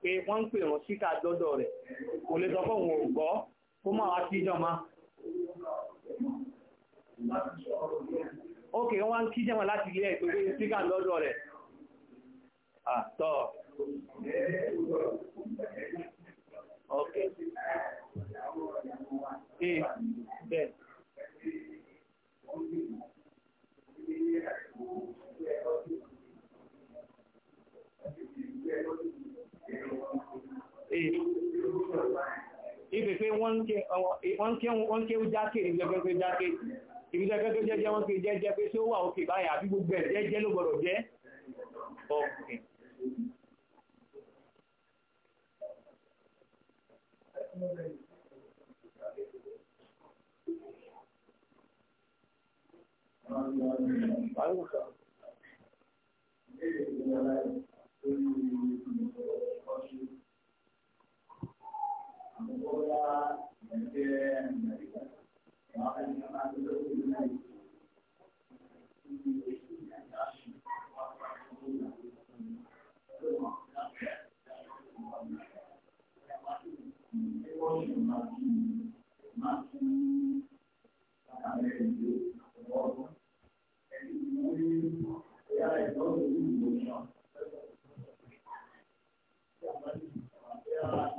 pé wọ́n ń pè wọ́n síta dọ́dọ̀ rẹ̀ kò lè sọ fún ò gbọ́ kó mọ́ àwọn àti ìjọmọ́ ókè wọ́n ń kí jẹ́mọ̀ láti ilé ìpínlẹ̀ ìpínlẹ̀ lọ́dọ̀ rẹ̀ àtọ́ ókè ibẹ̀ pé wọ́n ké ó jákè ní jẹ́gẹ́gẹ́ jákè ibi jẹ́gẹ́gẹ́ jẹ́jẹ́ wọ́n ké jẹ́jẹ́ pé tí ó wà òkè báyà àbí gbogbo ẹ̀ jẹ́jẹ́ ló gbọ́dọ̀ jẹ́ ọ̀kẹ́ Thank you. Yeah.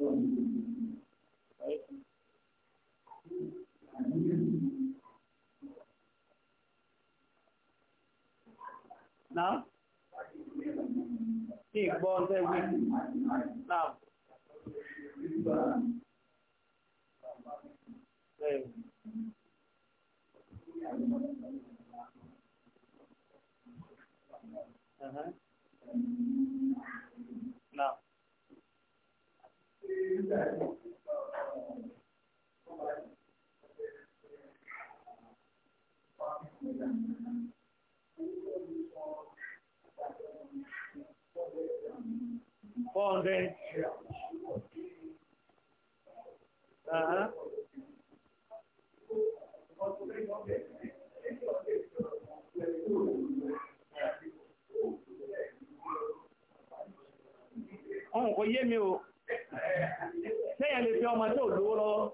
Nào. Chỉ bọn tôi wí. Nào. Đây. Uh-huh. Nào. Four hundred. Uh-huh. Ọ̀hún oh, kò Lẹ́yìn lè fi ọmọ tó lówó lọ́wọ́.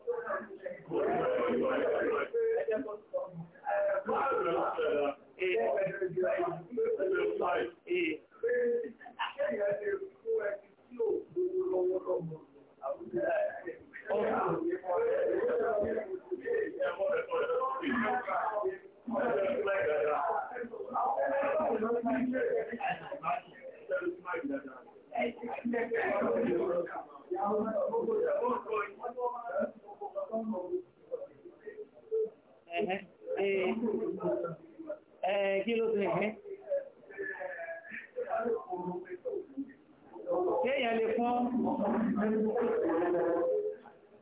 Thank you. Kí ló ti ẹ̀hẹ́? Kéèyàn lè fún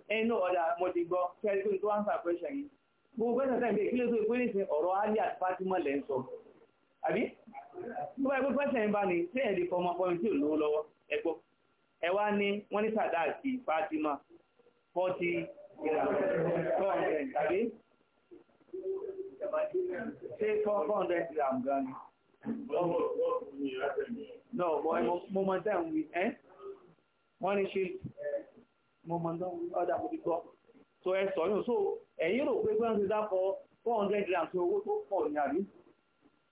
ẹnu ọ̀dà mo ti gbọ́, kẹ́rí tó ń tó answer Gbogbo pẹ́sẹ̀ tẹ́lẹ̀ kí ló tó ìpínlẹ̀ ọ̀rọ̀ Ali àti Fatima Àbí? tó bá ẹgbẹ́ pẹ́sẹ̀ ń bá ní tí ẹ̀ lè fọmọ ọkùnrin tí ò lówó lọ́wọ́ ẹgbọ́ ẹ wá ní wọ́n ní sàdá àti Fatima fọ́tí tàbí ṣé fọ́ọ̀dẹ̀ ìlàmù gan ni mo mọ̀ tẹ́ ń wí ẹ́ wọ́n ní ṣe mo mọ̀ tẹ́ ń wí ọ̀dà mo ti gbọ́ so ẹ sọ yóò so ẹ̀yìn rò pé pé wọ́n ti 400 grams owó tó pọ̀ ní àrí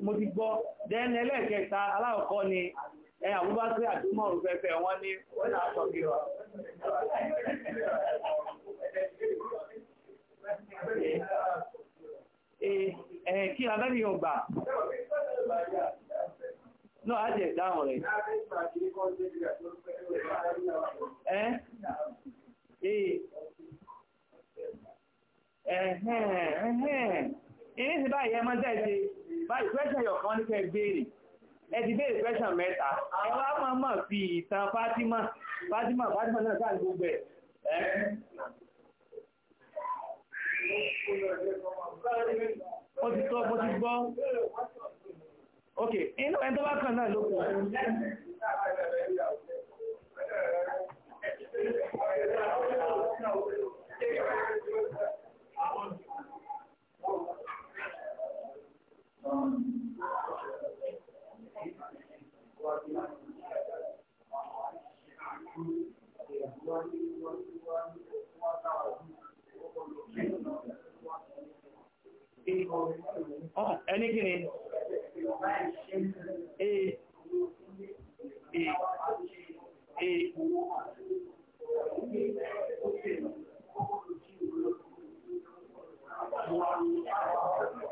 mo ti gbọ́ dẹ́n ẹlẹ́ẹ̀kẹta aláwọ̀kọ́ ni ẹ àbúbá sí àdúmọ̀rún fẹ́fẹ́ wọ́n ní wọ́n náà kí lọ ẹ̀ẹ̀ kí abẹ́rẹ́ yóò gbà náà á jẹ̀ dáhùn rẹ̀ ẹ́ ẹ̀ẹ́ ìní sí báyìí ẹmọ tẹ́ẹ̀tẹ́ báyìí pẹ́ṣẹ̀ yọ̀kan ní kẹ́ béèrè ẹ ti béèrè pẹ́ṣẹ̀ mẹ́ta àwọn amáàmà fi ìtàn Fátímà Fátímà Fátímà náà sáà gbogbo ẹ̀ ó ti ok inú ẹ̀ tó bá kàn náà ló Thank you. Ah, ẹni kí ni Thank you.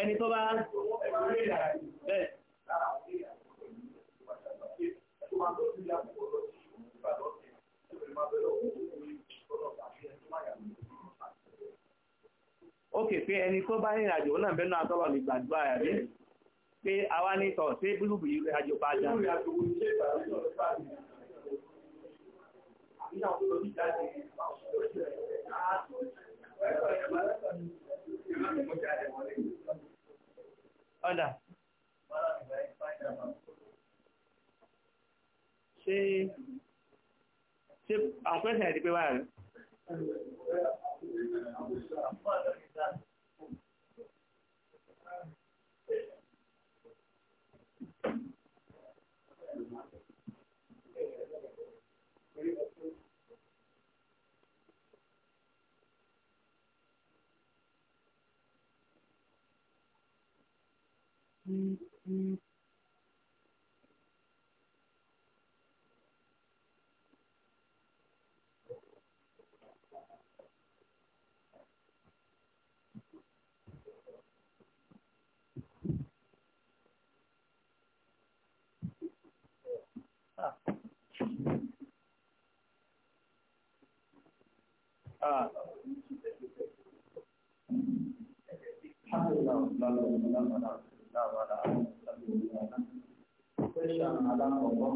ẹni tó bá bẹ́ẹ̀. ókè pé ẹni tó bá rìnrìn àjò náà bẹ́ẹ̀ náà tọ́lọ̀ lè gbàdúrà rẹ̀ pé àwa ní tọ̀ sí búlùbù ìrìn àjò bá dá Thank you ọ̀dà ṣe ṣe àwọn pẹ́sẹ̀ ẹ̀dí pé wà rẹ̀ Ah section alákọ̀ọ́kọ́.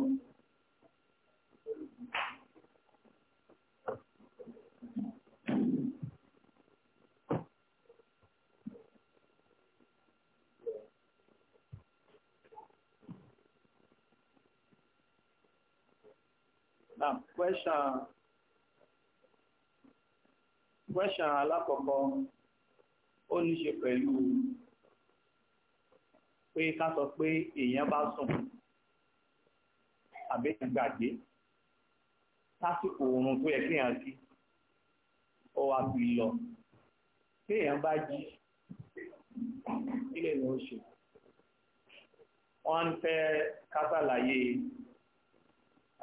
Now, question, question alákọ̀ọ́kọ́ ó ní ṣe pẹ̀lú pé ká sọ pé èèyàn bá sùn àbẹ́yàn gbàgbé sásìkò oorun tó yẹ kéèyàn sí ó wá fi lọ kéèyàn bá jí kílẹ̀ ni ó ṣe wọ́n fẹ́ kásàlàyé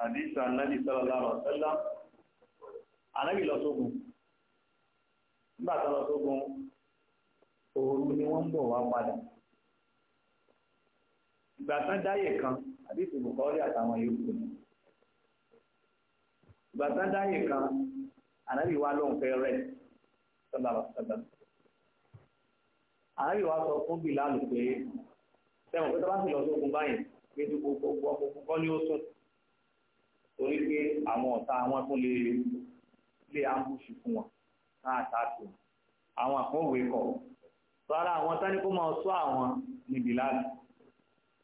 àdísà náà sallallahu alaihi wasallam ànábì lọ sógun nígbà tó lọ sógun òru ni wọ́n ń bọ̀ wá padà ìgbà tán dáyè kan àdìsí bùkọ́rí àtàwọn yòókù ni. ìgbà tán dáyé kan ànábì wa ló ń fẹ́ rẹ̀ sọ́dọ̀ sọ́dọ̀. ànábì wa sọ fún Bílálù pé sẹ́wọ̀n pé tó bá sì lọ sókun báyìí pé tí gbogbo ọkùnkùn kọ́ ni ó sùn torí pé àwọn ọ̀tá wọn tún lè lè ambúṣì fún wọn náà tààtò àwọn àkọ́wé kọ̀ rárá àwọn táníkó máa sọ àwọn níbi láti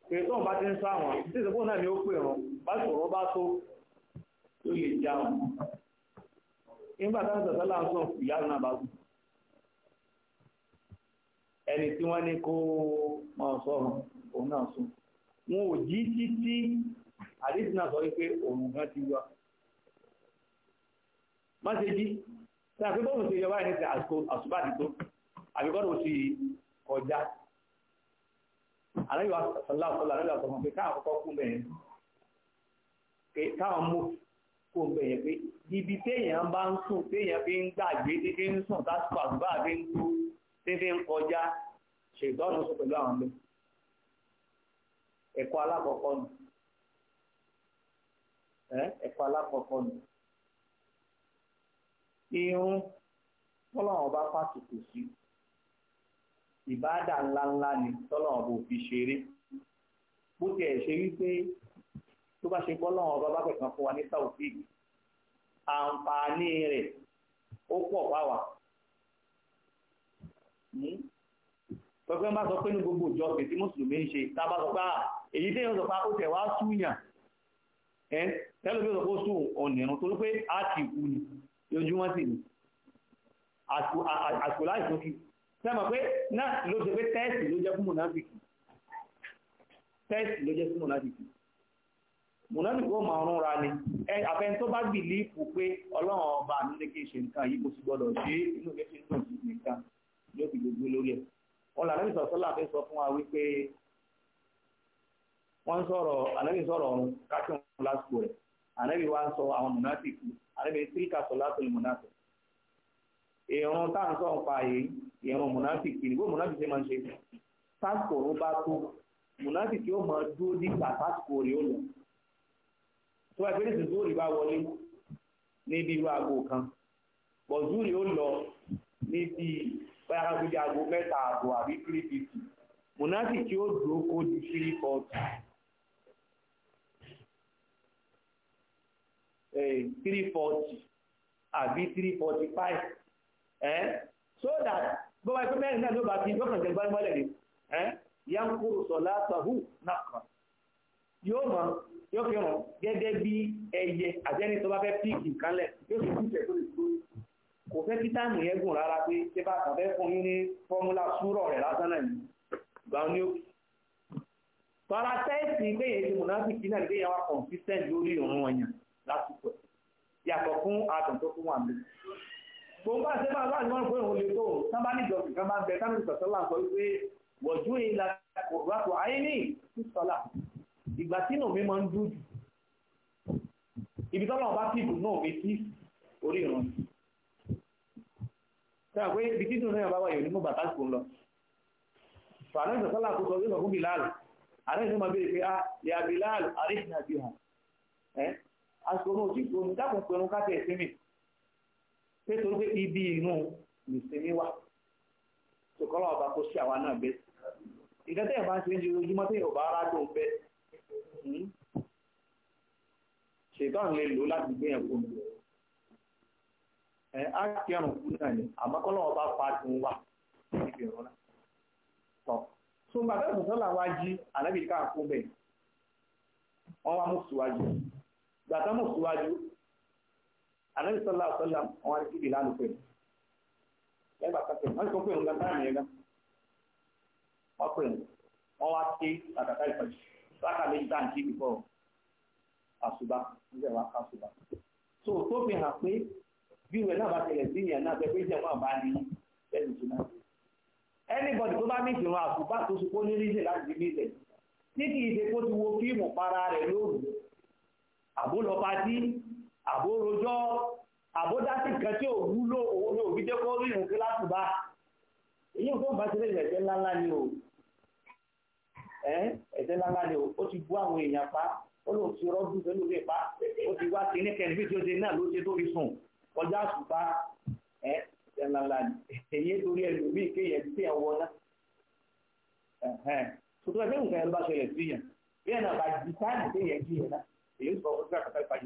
pé tóun bá ti ń àwọn tí ìsìnkú náà ni ó pè wọn bá sọ̀rọ̀ bá tó tó lè já wọn nígbà ìyá náà bá sùn ẹni tí wọ́n ní kó máa òun náà sùn wọn ò jí títí àdéhùn náà sọ wípé òun ti wá má ṣe jí tí àfikún òun yọ báyìí ní àlẹ́yìnwá sọ̀lá ọ̀sọ̀lá àlẹ́yìnwá sọ̀rọ̀ pé káwọn kọ́kọ́ kú bẹ̀yẹn pé káwọn mú kú bẹ̀yẹn pé ibi téèyàn bá ń sùn téèyàn fi ń gbàgbé títí ń sùn tásìkò àdúgbà fi ń kú títí ń kọjá ṣèdọ́nù sùn pẹ̀lú àwọn ọmọ ẹ̀kọ́ alákọ̀ọ́kọ́ nù ẹ̀kọ́ alákọ̀ọ́kọ́ nù irun tọ́lọ́wọ́n bá pàtùkù sí i ìbáàdà ńláńlá ni tọ́lọ̀ ọ̀bọ̀ fi ṣeré bó tiẹ̀ ṣe wípé tó bá ṣe gbọ́ lọ́wọ́ ọba bá pẹ̀kan fún wa ní taofik àǹfààní rẹ̀ ó pọ̀ báwa pẹ̀pẹ́ bá hmm? sọ pé ní gbogbo ìjọ pèsè mùsùlùmí ń ṣe tá a bá sọ pé èyí tí èèyàn sọ pé ó tẹ̀ wá súyàn ẹ́ tẹ́lẹ̀ bí ó sọ pé ó sùn ọ̀nìyàn torí pé á ti kú ni ojúmọ́ sì ni àsìkò láìsókè sẹ́mọ̀ pé náà ló ṣe pé tẹ́ẹ̀sì ló jẹ́ fún mùnáfìkì tẹ́ẹ̀sì ló jẹ́ fún mùnáfìkì mùnáfìkì ó máa rúnra ni ẹ àfẹn tó bá bìlífù pé ọlọ́run ọba mi ní kí n ṣe nǹkan yìí bó ti gbọ́dọ̀ ṣe inú mi ti ń dùn sí nǹkan yóò fi gbogbo lórí ẹ̀ wọn là lẹ́yìn sọ̀tọ́ là fẹ́ sọ fún wa wípé wọ́n sọ̀rọ̀ ànábì sọ̀rọ̀ ọ̀run káṣí wọn lásìkò rẹ̀ ànábì wa ń sọ àwọn mùnáfìkì ànábì tíríkà sọ látòlù mùnáfìkì èrò táà ń sọ̀ ń pa èyí ìran mùnáfìkì ni bó mùnáfìkì máa ń ṣe tásìkò òun bá tó mùnáfìkì ó máa dúró nígbà tásìkò rẹ̀ ó lọ tó bá ìpínlẹ̀ ìsìn zúrì bá wọlé níbi irú aago kan bọ̀ zúrì ó lọ níbi báyà ká tó di aago mẹ́ta ààbò àbí three fifty mùnáfìkì ó dúró kó di three forty. Eh, three forty àbí three forty five eh, so that bó bá ẹgbẹ́ mẹ́rin náà ló bá ti yóò kàn jẹ gbárímọ́lẹ̀ ni ya ń kúrò sọ látàhù nàkàn yóò mọ yóò fi hàn gẹ́gẹ́ bí ẹyẹ àjẹni tó bá fẹ́ píìkì kanlẹ̀ yóò fi kúṣẹ̀ tó lè tó kò fẹ́ kí táàmù yẹn gùn rárá pé ṣé bá kàn fẹ́ fún yín ní fọ́múlà súrọ̀ rẹ̀ lásán náà yìí gbà ní ó tọ́ra tẹ́ẹ̀sì pé èyí mùnáfíkì náà gbéyàn wá consistent lórí òun ọ̀yàn lásìkò yàtọ̀ fún àtàn tó fún wa tòun bá ṣe bá bá ní wọ́n fún òun lè tó tán bá níjọ kan bá bẹ tánú ìtọ̀sọ́lá sọ wípé wọ̀jú ìlà kòrátò ayé ní ìsọ́lá ìgbà tí nù mi máa ń dúdú ibi tọ́lọ̀ bá tìbù náà mi sí orí ìran sẹ́wọ̀n pé ibi títún náà bá wáyé onímọ̀ bàtà kò lọ fàánù ìtọ̀sọ́lá kò sọ pé sọ fún Bilal ààrẹ ìṣẹ́ máa béèrè pé ah, a lè Bilal àríṣìnà bí hàn ẹ́ àṣọ náà ò tí kò nítorí pé ibi inú nìsinmi wà ṣùkọ́lọ́ ọba kó ṣe àwa náà bẹ́ ìgbẹ́ tẹ́yìn bá ń ṣe ń di ojúmọ́ tẹ́yìn ọba ara tó ń bẹ́ hmm, ṣètọ́n lè lò láti gbé yẹn mi ẹ á kí kú náà ni àmọ́ kọ́lọ́ ọba pa ti ń wà níbi ìrún náà tọ́ so bàbá ìbùsọ́ làwọn ají ànábìkà fún bẹ́ẹ̀ wọ́n wá mú síwájú gbàtà mú síwájú ànábì sọ́lá ọ̀sọ́lá wọn wá sí bìlá lùpẹ̀ lẹ́gbàá kápẹ̀ wọ́n kọ́ pé òun gan táàmì ẹ̀gá wọ́n pè wọ́n wá sí àtàkà ìpàdé sáka lè dá nǹkí bíbọ̀ àṣùbà níbẹ̀ wá káṣùbà. so tó fi hàn pé bí ìwé náà bá tẹ̀lé sí ìyẹn náà bẹ́ẹ̀ pé ìjẹ́ wọn bá ní bẹ́ẹ̀ tó náà. anybody tó bá ní ìfìrun àṣùbà tó ṣe kó ní ríṣẹ̀ láti ní ilẹ̀ tí kì í ṣe kó ti wo fíìmù para rẹ̀ lóru àbólọ́pàá àbórojọ́ àbódásí kan tí ò wúlò òun ní òbí jẹ́ kó rí ìrùn kíláàsì bá èyí ò tó bá ti lè ẹ̀jẹ̀ ńláńlá ni o ẹ̀jẹ̀ ńláńlá ni o ó ti bú àwọn èèyàn pa ó lóun ti rọ́dún pẹ̀lú ìwé pa ó ti wá sí ní kẹ́ńtì tí ó ṣe náà ló ṣe tó fi sùn kọjá àṣùpá ẹ̀jẹ̀ ńláńlá ni èyí torí ẹlòmíì kéèyàn ti tẹ̀ wọ́n náà tuntun yẹn bí ẹ̀ náà bá di táàmù téèyàn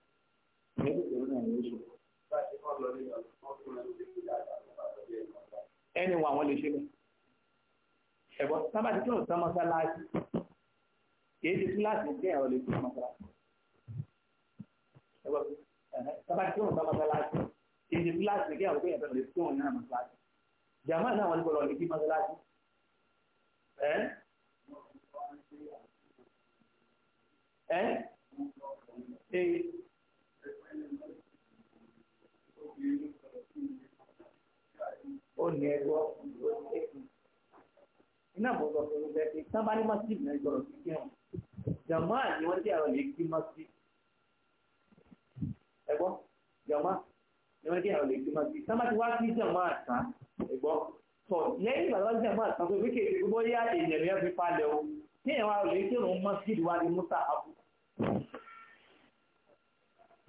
ẹni wọn àwọn lè ṣe bẹ́ẹ̀ ẹ̀gbọ́n sábà tí kí ọ̀sán mọ́sálásí kìí ṣe kíláàsì ní ẹ̀rọ lè fi mọ́sálásí ẹ̀gbọ́n sábà tí kí ọ̀sán mọ́sálásí kìí ṣe kíláàsì ní ẹ̀rọ lè fi tó wọn náà mọ́sálásí jàmá náà wọn kọ́ lọ lè fi mọ́sálásí ẹ̀ ẹ̀ ẹ̀. ó ní ẹgbọ́ iná mọ̀ na fún ẹgbẹ́ sábà ní masjid náà gbọ́dọ̀ sí kí hàn jàmá ni wọ́n lè masjid jàmá ni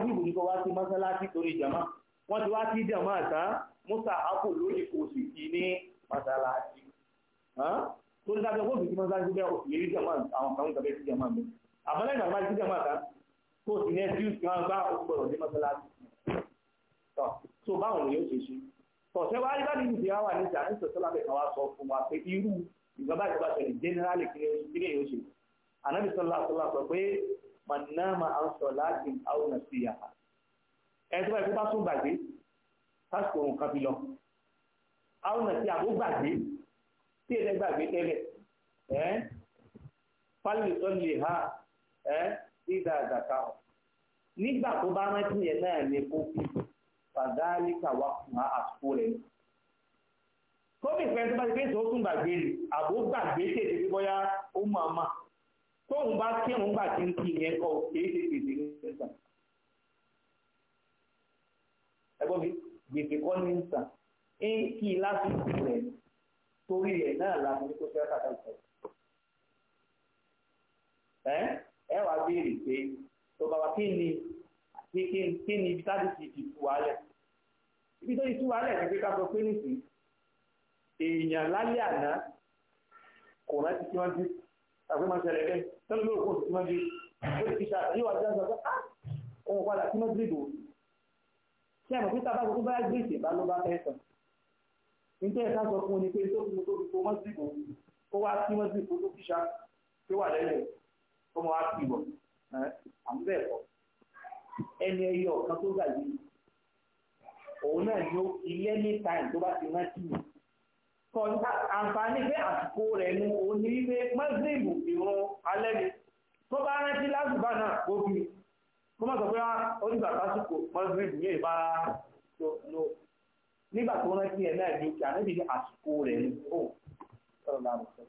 wájìbù ní kó wá sí mọ́sálásí torí jama wọ́n ti wá sí jama tán musa apu lórí kò sì sí ní mọ́sálásí tó ní dájọ́ kóòsì sí mọ́sálásí bẹ́ẹ̀ òsì lérí jama àwọn kan tàbí sí jama mi àmọ́ lẹ́yìn àgbà sí jama tán kó sì ní ẹtí kan gbá ògbọ̀rọ̀ ní mọ́sálásí tọ́ tó báwọn lè yóò ṣe ṣe tọ́ sẹ́wọ́ ayébáyé ní ìdíyà wà ní ìjà ní sọ̀tọ́lá bẹ̀ wá sọ fún wa pé irú ìjọba ìjọba tẹ̀lé jẹ́nẹ́rálì kí ni yóò ṣe ànábì sọ́lá sọ pé manama ansọ láti àwọn sí yàrá ẹni tó bá ikú bá tún gbàgbé pásítọ òun kan fi lọ àwọn sí àbó gbàgbé tí èdè gbàgbé tẹ́lẹ̀ ẹ fálìlì tó lè ha ẹ ìdá àgàkà ọ nígbà tó bá rántí yẹn náà ní kó fi fàdálíkà wà fún àsìkò rẹ kóbì fẹ́ tó bá ti pèsè ó tún gbàgbé àbó gbàgbé tètè bóyá ó máa máa tóun bá kírun gbà tí ń kí ìyẹn kọ kéé ṣe gbèsè ní sẹ́sà ẹgbọ́n mi gbèsè kọ́ ní sà ń kí i lásìkò rẹ̀ torí rẹ̀ náà láti ní kó ṣe àkàtà ìtọ́ ẹ ẹ wàá béèrè pé tó bá wa kí ni kí kí ni ibi táàdì ti ti tu wálẹ̀ ibi tó ti tu wálẹ̀ ni pé ká sọ pé nìsín èèyàn lálẹ́ àná kò rántí kí wọ́n dín sí tàbí máa ṣẹlẹ̀ bẹ́ẹ̀ tẹ́lẹ̀ lórí òkú òsì mọ́jú ó ti ṣàtàyè wà jáde ọ̀gá òun padà sí mọ́dúrídì òun ṣé àmọ̀ pé tábà tó bá gbèsè bá ló bá fẹ́ sàn nítorí ẹ̀ka sọ fún un ni pé tó fi tó fi tó mọ́dúrídì òun kó wá sí mọ́dúrídì kó tó fi ṣá tó wà náà ni ó ilé ní táìm tó bá ti rántí àǹfààní pé àsìkò rẹ̀ nu òun ní wípé mọ́sílìmù ìrún alẹ́ ni tó bá rántí lásìgbà náà kó fi kó má sọ pé onígbà ah, lásìkò mọ́sílìmù yẹn bá lò nígbà tó rántí ẹ̀ náà ní òkè ànábì ní àsìkò rẹ̀ nu òun sọ̀rọ̀ láàrú sọ.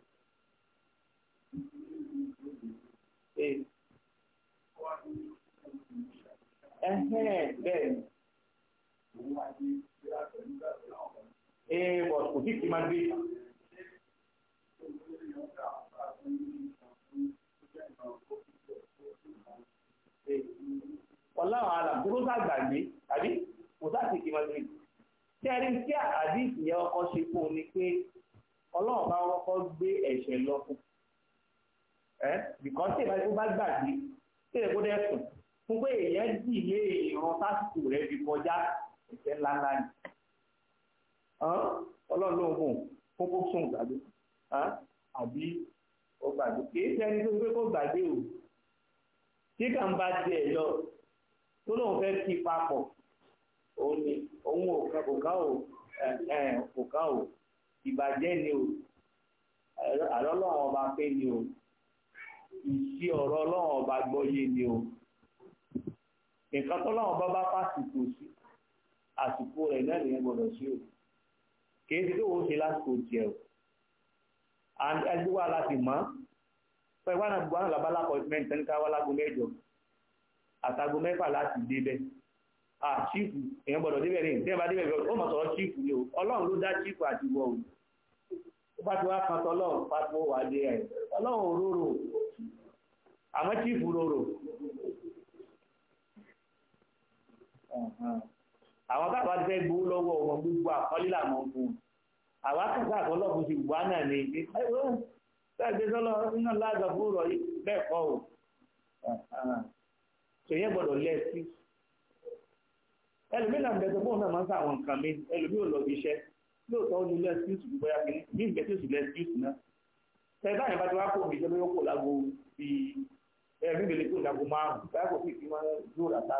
Eh. ẹ̀hẹ́n bẹ́ẹ̀ ni ẹ̀wọ̀ kò sí ti máa gbé. ọ̀làwọn alàbúrò sàgbàgbé tàbí kò sáàtì kí máa gbé. tí a rí sí àdìsí yẹn ọkọ̀ ṣe fún ni pé ọlọ́run bá kọ́kọ́ gbé ẹ̀ṣẹ̀ lọ fún ẹ́ bìkọ́ tí ìbájú bá gbàgbé tí èkó dẹ̀ sùn fún pé èèyàn dì lé ìran sásìkò rẹ̀ fi kọjá ẹ̀ṣẹ̀ ńláńlá ni ọlọ́run ló ń gùn kókó sùn gbàgbé àbí ó gbàgbé kì í sẹ́ni tó ń pé kó gbàgbé o tí kà ń bá tiẹ̀ lọ tó lóun fẹ́ kí papọ̀ òun ni òun ò kò ká o kò ká o ìbàjẹ́ ni o àlọ́lọ́run ọba pé ni o ìṣe ọ̀rọ̀ ọlọ́run ọba gbọ́yé ni o nǹkan tọ́lọ́run ọba bá fásitì sí àsìkò rẹ̀ náà nìyẹn gbọ́dọ̀ sí o kìí sí òun ṣe lásìkò jẹ o and ẹgbẹ́ wa láti mọ́ pé wọn àgbà wọn làbá lápọ̀tìmẹ́ntì tẹ́ni ká wá lágo mẹ́jọ àtàgo mẹ́fà láti débẹ̀ à chífù èèyàn gbọ́dọ̀ débẹ̀ ní ìdíyẹn bá débẹ̀ bí ó mọ̀ sọ̀rọ̀ chífù ni o ọlọ́run ló dá chífù àti wọ o ó bá ti wá kan tọ́lọ́run pátó wà dé ẹ̀ ọlọ́run ò rorò àmọ́ chífù rorò àwọn bàbá ti fẹ́ gbowó lọ́wọ́ wọn gbogbo àkọlé làwọn fún un àwọn akẹ́kọ̀ọ́ àkọlọ́ọ̀fù ti wà náà ní ṣáàgbé sọ́lọ́ iná láàgbà fún ọ̀rọ̀ bẹ́ẹ̀ kọ́ o ṣèyẹ gbọ́dọ̀ lẹ́ẹ̀sí ẹlòmínà bẹ̀tẹ̀ bóun náà máa ń sàwọn nǹkan mi ẹlòmí ò lọ bí iṣẹ́ lóòótọ́ ó ní lẹ́ẹ̀sí ìṣù bóyá kìíní ní ìgbésí ìṣù lẹ́ẹ̀sí ìṣù náà tẹ́ báyìí bá ti wá kó ìṣẹ́ lóyún kò lágbo bíi ẹ̀rí ìbèlè kò lágbo márùn-ún báyà kò sì fi máa rà sáà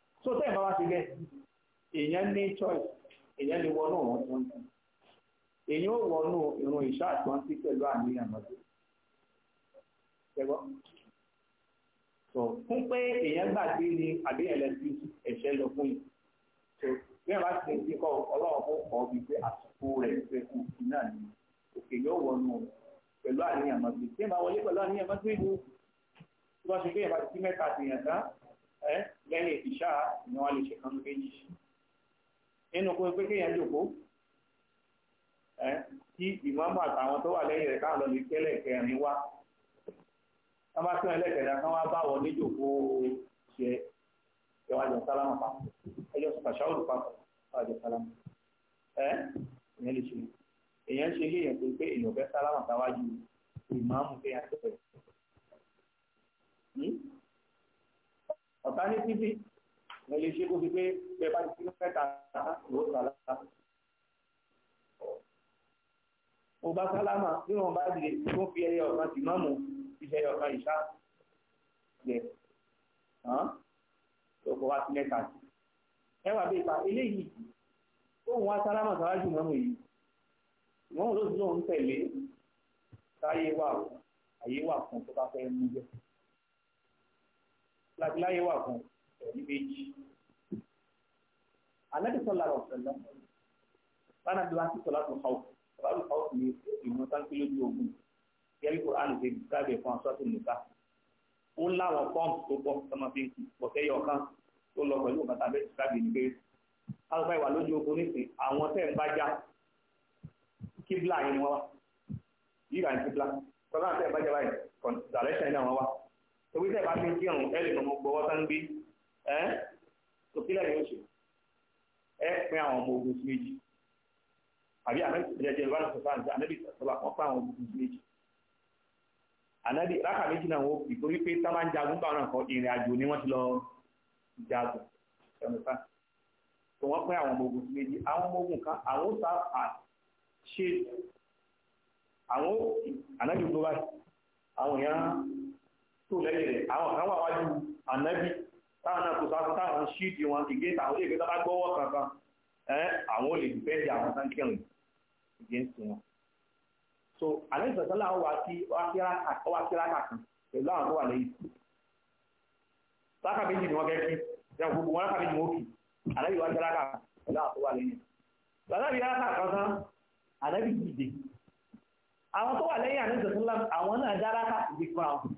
so tẹ́ẹ̀ bá wá ti bẹ́ẹ̀ èèyàn ní choice èèyàn lè wọnú òun tó ń tàn èèyàn ò wọnú irun ìṣá àtúntí pẹ̀lú àníyàn lọ́dún ṣẹgbọ́ so fún pé èèyàn gbàgbé ni àbí ẹlẹ́sì ẹ̀ṣẹ́ lọ fún yìí so bí wọ́n bá ti ti kọ́ ọlọ́run fún ọ bíi pé àsìkò rẹ̀ ṣe kù sí náà ni òkè yóò wọnú pẹ̀lú àníyàn lọ́dún tí wọ́n bá wọlé pẹ̀lú àníyàn lọ́dún ìlú tí wọ́n ṣe bí ìbá ti mẹ́ta ti yàn tán ẹ́ lẹ́yìn ìṣá ni wọ́n lè ṣe kan méjì nínú kó pé kéèyàn jòkó ẹ́ kí ìmáàmù àtàwọn tó wà lẹ́yìn rẹ̀ káwọn lọ lè tẹ́lẹ̀ kẹrin wá wọ́n bá tẹ́lẹ̀ kẹta kan wá báwọ̀ níjòkó ṣe ìwájú sálámù pa ẹjọ́ pàṣáwùrù papọ̀ ìwájú sálámù ẹ́ ìyẹn lè ṣe èèyàn ṣe léèyàn pé pé èèyàn fẹ́ sálámù táwájú ìmáàmù kéèyàn tẹ̀lé ọ̀tá ní títí mo lè ṣe kó fi pé bẹ́ẹ̀ bá ti sínú mẹ́ta ló sàlá. ó bá sálámà bí wọn bá dìde tó fi ẹyẹ ọ̀kan tì mọ́mù iṣẹ́ ẹyẹ ọ̀kan ìṣá jẹ tó kọ wá sí mẹ́ta sí. ẹ wà bẹ́ẹ̀ pa eléyìí tó ń wá sálámà sáwájú mọ́mù yìí ìwọ́n ló sì tẹ̀lé sáyé wà àyè wà fún tó bá fẹ́ mú jẹ́ lágbáyé wà fún ẹ̀rí méjì. Àlẹ́bísọ̀lá rọ̀ sẹ́lẹ̀ lánàá bí wọ́n ti sọ̀lá tó hàwù sọ̀lá hàwù ní ìmọ̀ sáńkì lójú ogun yẹ́rí kó alùpùpù gbàgbé fún aṣọ àti nìka. Ó ń láwọn pọ́ǹpù tó pọ̀ sọmọ fi ń kì pọ̀tẹ́ yọ kan tó lọ pẹ̀lú bàtà bẹ́ẹ̀ ti gbàgbé ní pé alùpùpù ìwà lójú ogun nísìn àwọn tẹ̀ ń bá já kíbla yìí wọn wá yíra ní kíbla kọ́ńtà tẹ̀ ń bá já báyìí kọ̀ǹtà ewé tẹ̀ bá ti ń kírun ẹ lè mọ gbọ́wọ́ tá ń gbé ẹ tó oṣù ẹ àwọn ọmọ ogun sí méjì àbí àmẹ́jẹjẹ ìwádìí sọ̀tàn àti ànábì sọ̀tàn wọ́n pín àwọn ọmọ ogun sí méjì ànábì rákà méjì náà wọ́n fi torí pé táwọn jagun bá wọn kan ìrìn àjò ni wọ́n ti lọ jagun ẹ̀mẹ́fà tó wọ́n àwọn ọmọ tó lẹ́yìn àwọn kan wà wájú ànábì táwọn náà kò sáfún táwọn ṣíìdì wọn ìgé táwọn olè gbẹ́ta bá gbọ́wọ́ kankan ẹ́ àwọn olè bẹ́ẹ̀dì àwọn sáńkẹ́rìn against wọn. so àlẹ́ ìsọ̀tọ́lá wà sí wákìlákà kan pẹ̀lú àwọn tó wà lẹ́yìn ni wọ́n fẹ́ kí ẹ̀ gbogbo wọn sáka méjì wọ́n kì àlẹ́ ìwà sáka pẹ̀lú àwọn tó wà lẹ́yìn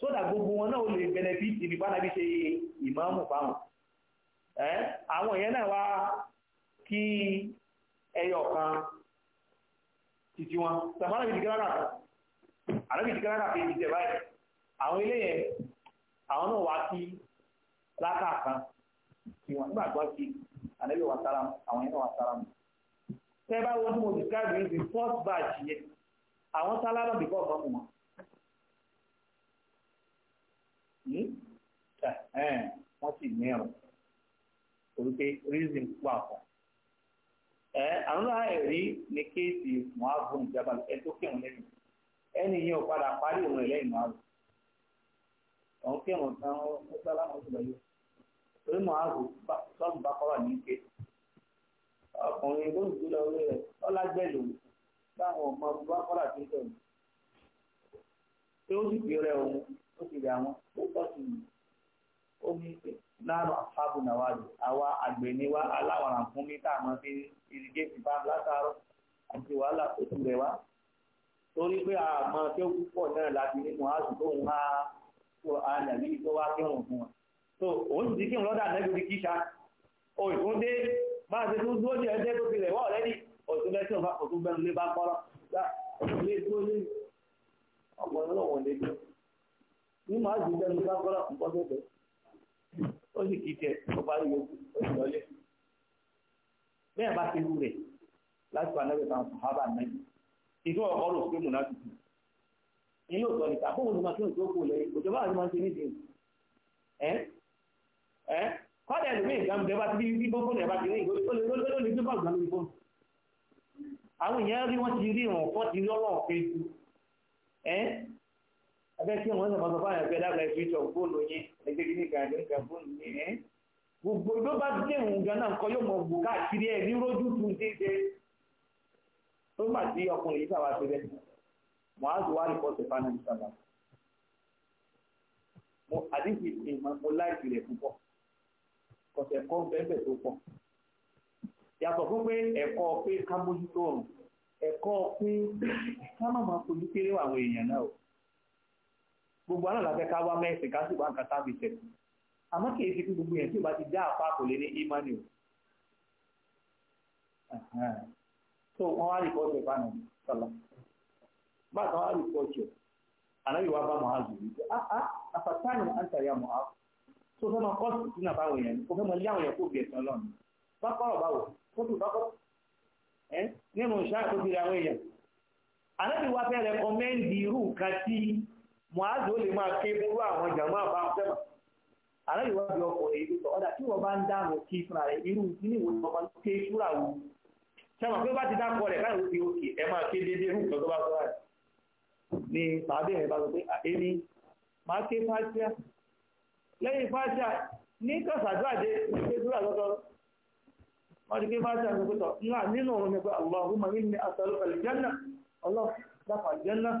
sódà gbogbo wọn náà ó lè bẹnẹfíìtì bí bánàbí ṣe ìmáàmù fáwọn àwọn èèyàn náà wá kí ẹyọ kan títí wọn sàmánà bìí kílára àrẹ́bì tí kílára fi ìjẹ báyìí àwọn ilé yẹn àwọn náà wá sí lákà kan tí wọn nígbà gbọ́ sí àrẹ́bì wà sára àwọn yẹn náà wà sára mu tẹ́ bá wọ́n tí mo describe yìí the first batch yẹn àwọn sálábà bìkọ́ ọ̀gbọ́n mu wọn wọ́n sì mẹ́rùn torí pé reason wà fún ẹ àwọn ẹ̀rí ní kéèsì mọ́àbùn ìjábá ẹ tó kírun lẹ́yìn ẹni yẹn ò padà parí òun ẹ̀ lẹ́yìn mọ́àbùn òun kírun tán ó sábà wọn sì lọ́yọ́ torí mọ́àbùn sọ́ọ̀bù bá kọ́wà ní ike ọkùnrin ló ń gbúdọ̀ orí rẹ̀ ọlágbẹ́ lòun báwọn ọmọ ọmọ bá kọ́là tó ń tẹ̀wọ̀n tí ó sì fi rẹ òun ó sì rẹ àwọn láàrùn àfáàbù nàwàdù àwa àgbẹ̀niwá aláwọ̀n àfún mítà àmọ́ sí irigéètì bá látàárọ̀ àti wàhálà tó tún rẹ̀ wá torí pé àmọ́ tí ó púpọ̀ náà láti nínú àásù tó ń máa tó ànàbí tó wá kírun fún wọn so òun sì ti kírun lọ́dà nẹ́bí orí kíṣà òyìnbó dé máa ṣe tó dúró ní ẹgbẹ́ tó fi rẹ̀ wọ́ ọ̀rẹ́dì òtún bẹ́ẹ̀ tí òun bá kò tún bẹ́ẹ̀ lé bá kọ́rọ́ lé dúró lé ọ̀pọ̀ ọlọ́wọ̀n ó sì kì í tẹ ọba yòókù ó sì lọlé bẹ́ẹ̀ bá ti rú rẹ̀ láti wà lẹ́gbẹ̀ẹ́ kan sàhábà náà ìdí ọkọ rò sí mùnà tuntun ilé òtọ́ ni ká bóun ni máa kí òjò kò lẹ́yìn òjò báwo ni máa ń ṣe nídìí ẹ ẹ kọ́dà ẹlòmíì ìgbà mùtẹ́ bá ti bí bọ́ọ̀bù rẹ̀ bá ti rí ìgbó ló lè gbé bá àwọn èèyàn rí wọn ti rí ìrànwọ́ ti rí ọlọ́run ju ẹ akẹ́kẹ́ wọn sọ̀rọ̀ sọ fáwọn ẹgbẹ́ dábàá ìfi ìtọ̀ fóònù yín ẹgbẹ́ kí ní gàdé ń ga fóònù yín ẹ́ gbogbo ló bá dé òun gan náà nǹkan yóò mọ bù káàkiri ẹ̀ ní rójú tún déédéé tó bá ti ọkùnrin yìí sábà ti rẹ̀ mọ́àzù wà lùkọ́ sí fánà ní sábà mo àdéhùn ìmọ̀ mo láìsí rẹ̀ púpọ̀ kọ̀sẹ̀ kọ́ bẹ́ẹ̀ tó pọ̀ yàtọ̀ fún pé ẹ̀kọ́ pé ká mójútó ọ̀run ẹ̀kọ́ pé ká má máa fojú kéré àwọn èèyàn náà gbogbo àná làfẹ́ ká wá mẹ́sìn ká sì wá nǹkan tábì tẹ̀ àmọ́ kì í ṣe pé gbogbo yẹn tí o bá ti dá àpá kò lè ní imani so wọ́n wá rìpọ́ọ̀tì ẹ̀ fáànù sọlá báàtà wọ́n wá rìpọ́ọ̀tì ẹ̀ ànábì wa bá mọ̀háàzù yìí pé áá ah, ah, àfàtàní àǹtà ya mọ̀háàzù tó fẹ́ mọ kọ́ọ̀sì tí náà báwọn yẹn kò fẹ́ mọ ilé àwọn yẹn kó bí ẹ̀sán lọ́nà bákọ́rọ̀ báwò kó tó bákọ́ ẹ́ irú nǹkan tí muhazu ó lè máa ké búrú àwọn jàmọ́ àbá fẹ́mà aláìwádìí ọkùnrin ìlú sọ tí wọ́n bá ń dáàmú kí fúnra rẹ̀ irú ìwòsàn ọba ló ké fúra wù sẹ́wọ̀n pé bá ti dákọ̀ rẹ̀ káyọ̀ òkè ẹ máa ké déédéé rú rẹ̀ ni pàdé rẹ̀ bá sọ pé èmi máa ké lẹ́yìn ní kọ̀sàdúrà ké dúrà ní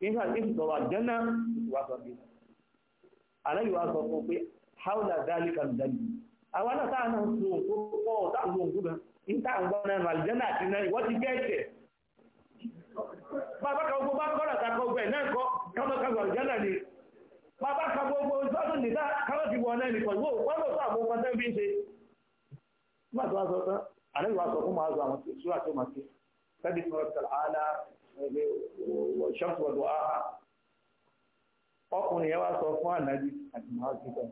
nígbà tí èsì sọ̀rọ̀ àjẹ́nà wà sọ bí aláìwá sọ fún pé haúlà dálí kan dálí àwọn náà táà náà sọ òǹkó pọ̀ táà ń lo òǹkó gan ní táà ń gbọ́ náà àjẹ́nà àti náà ìwọ́n ti gẹ́ ẹ̀jẹ̀ bàbá kan gbogbo bá kọ́nà ta kọ́ gbẹ̀ náà kọ́ kọ́nà kan gbọ̀ àjẹ́nà ni bàbá kan gbogbo ìjọ́sùn nìta káwọn ti náà nìkan ìwọ òwò ló àwọn ọmọdé bí ń ṣe nígbà tó wá sọ tán ìwà sọ fún ṣọ́ọ̀tù ọ̀dọ̀ áhà ọkùnrin yẹn wá sọ fún ànábì àti mọ́àdì kan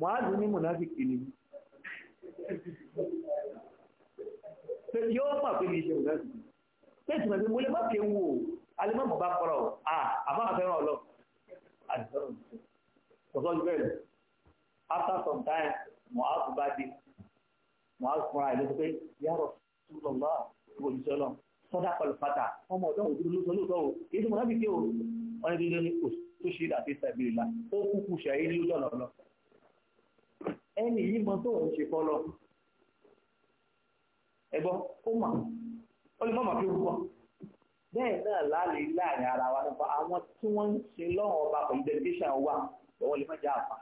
mọ́àdì ní mọ́àdì kìíní yóò mọ̀ pé mi ṣe mọ́àdì pé ìtumọ̀ pé mo lè má kéwu o alimọ́mọ̀ bá kọ́rọ̀ o ọlọ́ after some time mọ́àdì bá dé mọ́àdì fúnra ẹ̀ ló sọ pé yàrá sùn sọ́dá pẹ̀lú fata, ọmọ ọ̀dọ́ òdúró ló sọ lóòótọ́ o kìí sùn mọ́nàbí kí o wọ́n ní ní tó ṣe àti sàbílì la ó kúkú ṣàyé ní lójọ́ lọ́lọ́ ẹni yìí mọ tó ń ṣe kọ́ lọ ẹ̀gbọ́n ó mà ó lè má mà fi wú kọ́ bẹ́ẹ̀ náà láàlè láàrin ara wa nípa àwọn tí wọ́n ń ṣe lọ́wọ́ ọba pẹ̀lú dedication wa lọ́wọ́ lè má jẹ́ àpá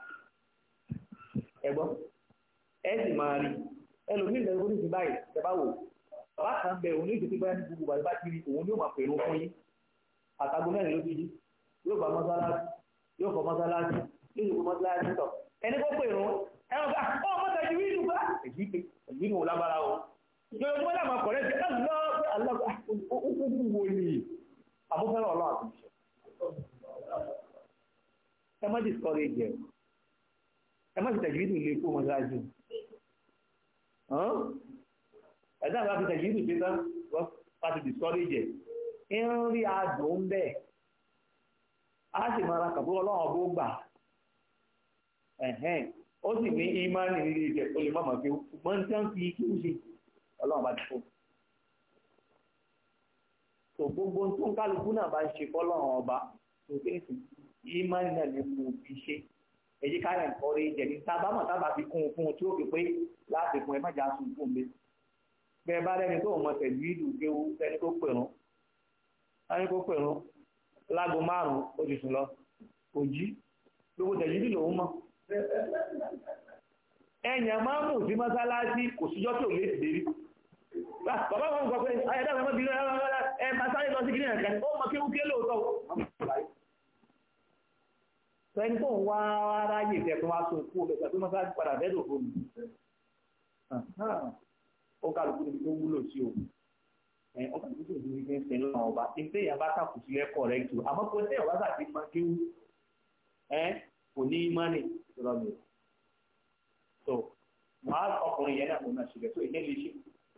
bàbá kan bẹ òun ní ìdí pípẹ́ ní gbogbo bàbá ti rí òun ní òun àpèrò fún yín àtàgbo mẹ́rin ló fi jí yóò bá mọ́sálásí yóò kọ́ mọ́sálásí yóò kọ́ mọ́sálásí tọ̀ ẹni kó pèrò ẹ̀rọ ká ọ́ mọ́ta ju wíìlú bá èyí pé èyí ni òun lágbára o yóò mọ́ láwọn akọ̀rẹ́ ti lọ́ pé alága ó kú wo ni àbúfẹ́rẹ́ ọlọ́run àti ìṣẹ́ ẹ má ti sọ̀rọ̀ ẹ má ti tẹ̀jú ìdílé kó mọ́sálásí ẹ̀dá àgbà fìtẹ̀ yìí nìṣẹ́ tán wọ́n pàṣẹ discourage ẹ̀ ń rí adùn ń bẹ̀ á sì máa ra kàbó ọlọ́run bó gbà ó sì ní ìmánì nílé ìjẹ tó lè ṣùgbọ́n ní gbogbo tó ń kálukú náà bá ọba tó ìmánì náà ní fi ṣe èyí ká ń kọ́ rí ìjẹ ní tábàmọ̀ tábà fi kún un fún un bẹ́ẹ̀ bá rẹ́ni tó mọ̀ tẹ̀lú ìlú géwu ẹni tó pèrún ẹni tó pèrún lágo márùn-ún ó ti sùn lọ kò jí gbogbo tẹ̀lú ìlú lòún mọ̀ ẹ̀yàn máa ń mú sí mọ́sálásí kò síjọ́ tí ò lè dé rí bàbá wọn gbọ́ pé ayẹ̀dá ọ̀sán bí ẹ máa sáré lọ sí kí ẹ̀kẹ́ ó mọ kéwúké lóòótọ́ sẹ́ni tó ń wá ráyè tẹ̀kún wá sókú ọ̀bẹ̀ tẹ̀kún mọ́sálásí padà bẹ́ẹ̀ ó kálukú níbi tó wúlò sí o ẹ ó kálukú tó ní ibi ẹsẹ̀ lọ́wọ́ ọba ìpè yẹn bá tàkù sílẹ̀ kọ̀rẹ́kì o àmọ́ kò sẹ́yìn ọba tàbí máa kéwú ẹ kò ní mánì lọ́dọ̀ mi so màá ọkùnrin yẹn náà mo náà ṣẹlẹ̀ so ìyẹn lè ṣe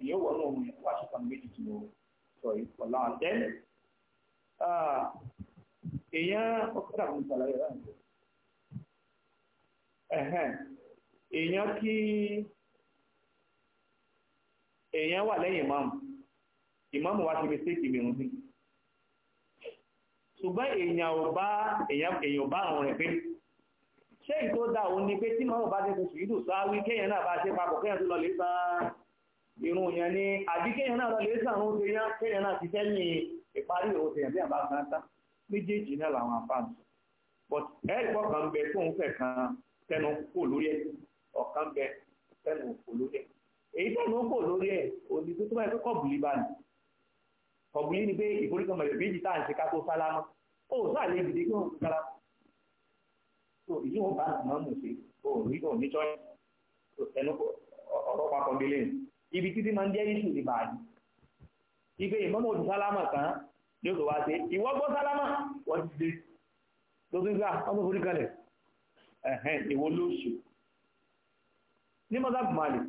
ìyẹn wọ̀ náà mo yẹn wá ṣùkọ́ méjì tí sọ yìí pọ̀ láwọn tẹ́lẹ̀ èèyàn ọkọ̀ tàbí ìṣàlàyé rẹ̀ èèyàn kí èèyàn wà lẹ́yìn ìmáàmù ìmáàmù wá ti fi sí ìmìrún sí ṣùgbọ́n èèyàn ò bá èèyàn bá àwọn rẹ̀ pé ṣé èyí tó dáa òun ni pé tí màmú bá ti fi sùúrù sáwí kéèyàn náà bá ṣe papọ̀ kéèyàn tó lọ lè sa irun yẹn ni àbí kéèyàn náà lọ lè sa àwọn oúnjẹ yẹn kéèyàn náà ti sẹ́yìn ìparí ìròyìn tèèyàn bí àbá kan tán méjèèjì náà làwọn àǹfààní but ẹ̀rí kọ̀ọ̀kan bẹ tóun fẹ̀ kan tẹnu kò lórí ẹ̀ ọ̀kan bẹ tẹnu kò lórí ẹ̀ èyí tẹ̀lé ń kò lórí ẹ̀ òní tó túmọ̀ ẹ̀ pé kọ̀bùlì bá nì kọ̀bùlì ni pé ìforíkan mọ̀lẹ̀ méjì tá à ń ṣe ká tó sálámọ́ ó sáà lè dìde kí wọ́n fi sára tó ìlú wọn bá àná mú sí òní òní chọ́ọ̀yì ẹnu ọ̀rọ̀ papọ̀ délé ibi títí máa ń jẹ́ iṣu ní báyìí ibi ìmọ̀mọ̀ òdù sálámà kan ní òkè wá sí ìwọ gbọ́ sálámà wọ́n ti dé lókè gbà wọ́n tó forí kalẹ̀ ẹ̀hẹ́n ìwọ lóṣù ní mọ́tàkùnmalè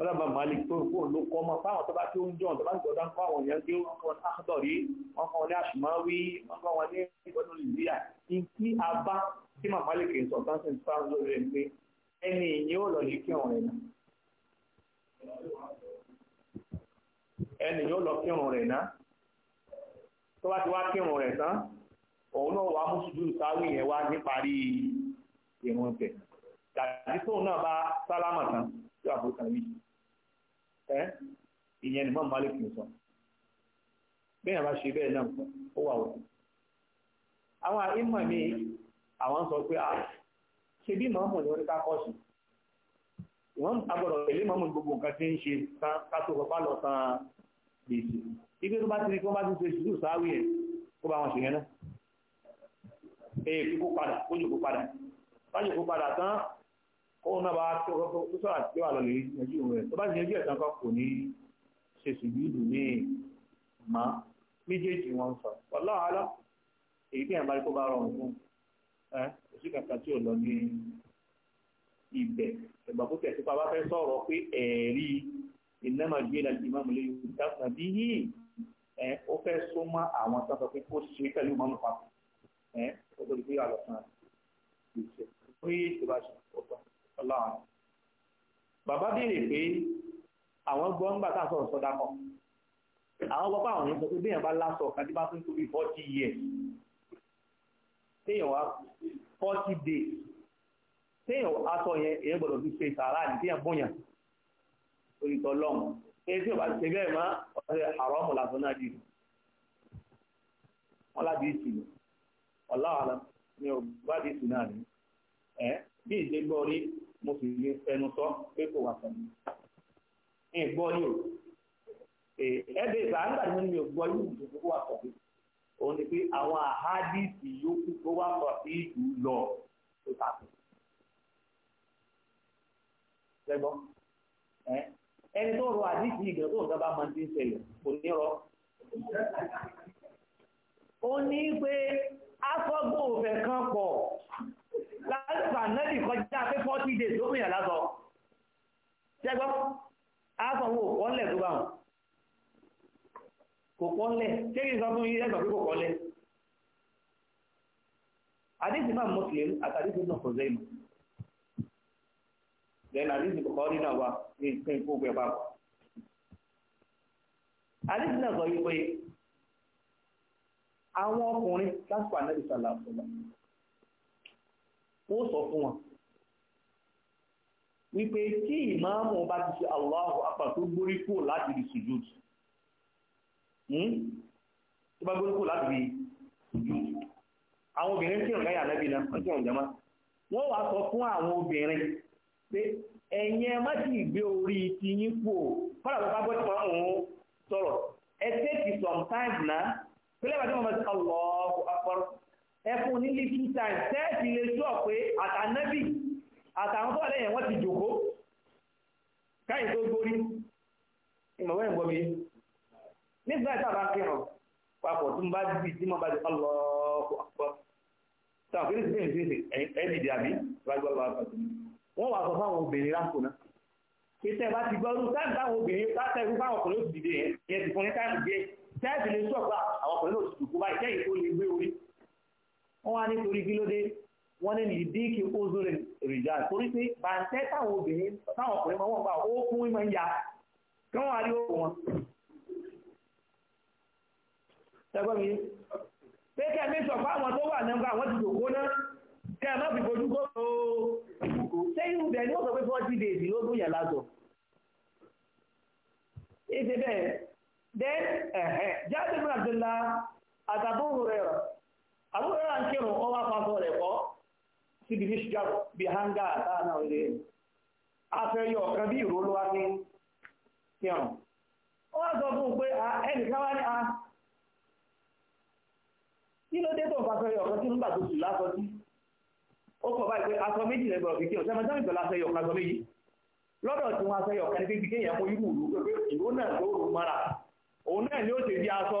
ọlọ́ba malik tó kó ló kọ́ mọ́ fáwọn tó bá tí ó ń jọ̀n tó bá ń gbọ́dá ń kọ́ àwọn èèyàn tí wọ́n kọ́ àkọ́tọ̀rí wọ́n kọ́ ní àṣùmáwí wọ́n kọ́ wọn ní ìgbọ́dọ̀ nàìjíríà kí a bá tí màmá lè kè sọ tánsìn sáà lórí rẹ̀ pé ẹni ìyẹn ò lọ lè kí ọ̀rọ̀ rẹ̀ náà ẹni yóò lọ kírun rẹ̀ náà tó bá ti wá kírun rẹ̀ tán òun náà wàá mú sùdúrù sáwì wá ẹ́ ìyẹn ni mọ́mọ́ alẹ́ kìí sọ bẹ́ẹ̀ bá ṣe bẹ́ẹ̀ náà ó wà wọ́n àwọn ìmọ̀ mi àwọn sọ pé a ah, ṣe bí mọ́mọ́ ni wọ́n ká kọ́ sí wọ́n agbọ́dọ̀ pẹ̀lú mọ́mọ́ gbogbo nǹkan tí ń ṣe kátó kọ́pá lọ san gbèsè ibi tó bá ti rí kí wọ́n bá ti ṣe sùúrù sáwì ẹ̀ kó bá wọn ṣe yẹn náà èèkì kó padà kó jòkó padà kóun náà bá tó sọ̀rọ̀ àti pé wà lọ lè yanjú rẹ̀ tó bá ti yanjú ẹ̀sán kan kò ní ṣe sùgbìdù ní ìmọ̀ méjèèjì wọn sọ ọlọ́run alá èyí tí àbárí kó bá rọrùn fún ẹ kò sí kàkà tí ò lọ ní ibẹ̀ ẹ̀gbà kó tẹ̀ sípa bá fẹ́ sọ̀rọ̀ pé ẹ̀rí iná máa gbé láti ìmáàmù lé yorùbá dáhùn àbí yìí ẹ ó fẹ́ só mọ́ àwọn tó sọ pé kó ṣe pẹ̀lú ìmáàmù papọ̀ ẹ ó tó di pé àlọ́ fún ẹ kì ó yé ìṣèwà ṣe ó ọlọ́run bàbá béèrè pé àwọn gbọ́ ńgbà sọ̀rọ̀ kan àwọn pàwọn yẹn sọ pé bá lásọ ọ̀kan bá tún tóbi 40 years téèyàn wá 40 days téèyàn aṣọ yẹn èèyàn gbọ́dọ̀ fi ṣe sàárà ní téèyàn bóyàn tí ò ṣe bẹ́ẹ̀ àrọ́ náà láti mo sì lè ẹnu sọ pé kò wà pẹ̀lú ní ìgbọ́ yìí ẹ̀ẹ́dẹ̀ ìsàǹgbà ni mi ò gbọ́ yìí ìdòdò kó wà pẹ̀lú òun ni pé àwọn àhádìsì yòókù tó wà pọ̀ sí ìlú lọ tó tàbí. ṣẹ́gbọ́n ẹni tó rọ àdìsì ìgbà tó nǹkan bá máa ti ń ṣẹlẹ̀ kò ní rọ. ó ní pé afọ́gbọ́n òfẹ́ kan pọ̀ láìpà nẹ́bì kọjá pé 40 days lómi yàn lásọ ṣẹ́gbọ́ aásọ̀wò kọ́lẹ̀ tó bá wọn kò kọ́lẹ̀ kéèkì sọ fún yín ẹgbà pé kò kọ́lẹ̀ àdéhùn máa Muslim àtàdéhùn náà kò zẹ́yìn lẹ́nu àdéhùn kọ́ nínú àwa ní ìpín ìkókò ẹ̀ papọ̀ àdéhùn náà sọ yìí pé àwọn ọkùnrin lásìkò ànẹ́bì sàlàfọ́lá wọ́n sọ fún wọn wípé tí ìmáàmù bá ti ṣe Allahu Akbar gbórí kúrò láti rí sùjúd hmm? tó bá gbórí láti rí sùjúd àwọn obìnrin tí ìrìnlẹ́yà lẹ́bí náà wọ́n tí wọ́n wá sọ fún àwọn obìnrin pé má ti gbé orí ti yín kú o kọ́lá gbọ́ ń sọ̀rọ̀ ẹ sometimes náà wọ́n bá ti ẹkùn nílí two times tẹ́ẹ̀sì lè sọ pé àtànẹ́bì àtàwọn tó wà lẹ́yìn wọ́n ti jòkó káyìn tó gbórí ìmọ̀wé ẹ̀gbọ́ mi nígbà tí a bá kírun papọ̀ tó ń bá dìbì tí mo bá di ọlọ́ọ̀kọ̀ àpọ̀ tá a fi ní sí ní sí ẹ̀ẹ́dìdì àbí rájọ́ lọ́wọ́ àpọ̀ wọ́n wà sọ fáwọn obìnrin lásìkò náà ìtẹ́ bá ti gbọ́ ọdún táìmù táwọn obìnrin látẹ̀ fún fáwọn ọkùnrin ó ti dìde yẹn ti fún ní táìmù díẹ̀ táìmù lè sọ̀gbà àwọn ọkùnrin náà ti dùkú báyìí kẹ́yìn tó lè gbé orí wọ́n wá nítorí kí ló dé wọ́n ní ìdíkì ozone rìjáàlì torí pé bàǹtẹ́ táwọn obìnrin táwọn ọkùnrin máa wọ́n gbà ó fún ìmọ̀ ń ya kí wọ́n wá rí òkú wọn. ṣẹ́gbọ́n mi pé kí ẹ méjì ọ̀pá àwọn tó wà nẹ́gbà wọ́n ti dòkó náà kẹ́ ẹ má fi fojú kó o ṣé irú bẹ̀ ni ó sọ pé forty days ló dún yẹn lásọ. ìṣe bẹ́ẹ̀ then jáde fún Abdullah àtàbóhùn rẹ̀ rọ̀. àwọn rẹ̀ ń nke wọ́n wá pàtó rẹ̀ kọ́ síbi ní ṣùgbọ́n bí hanga àtàrà náà lè bí ìró ló ní kírun wọ́n wá sọ fún pé a kí ló dé tó ń fa afẹ́yọ̀ kan tí nígbà tó sùn lásọ sí ó kọ̀ báyìí pé aṣọ méjì lẹ́gbẹ̀ẹ́ aṣọ méjì lọ́dọ̀ tí wọ́n kéèyàn irú náà mara òun náà ni ó ṣe bí aṣọ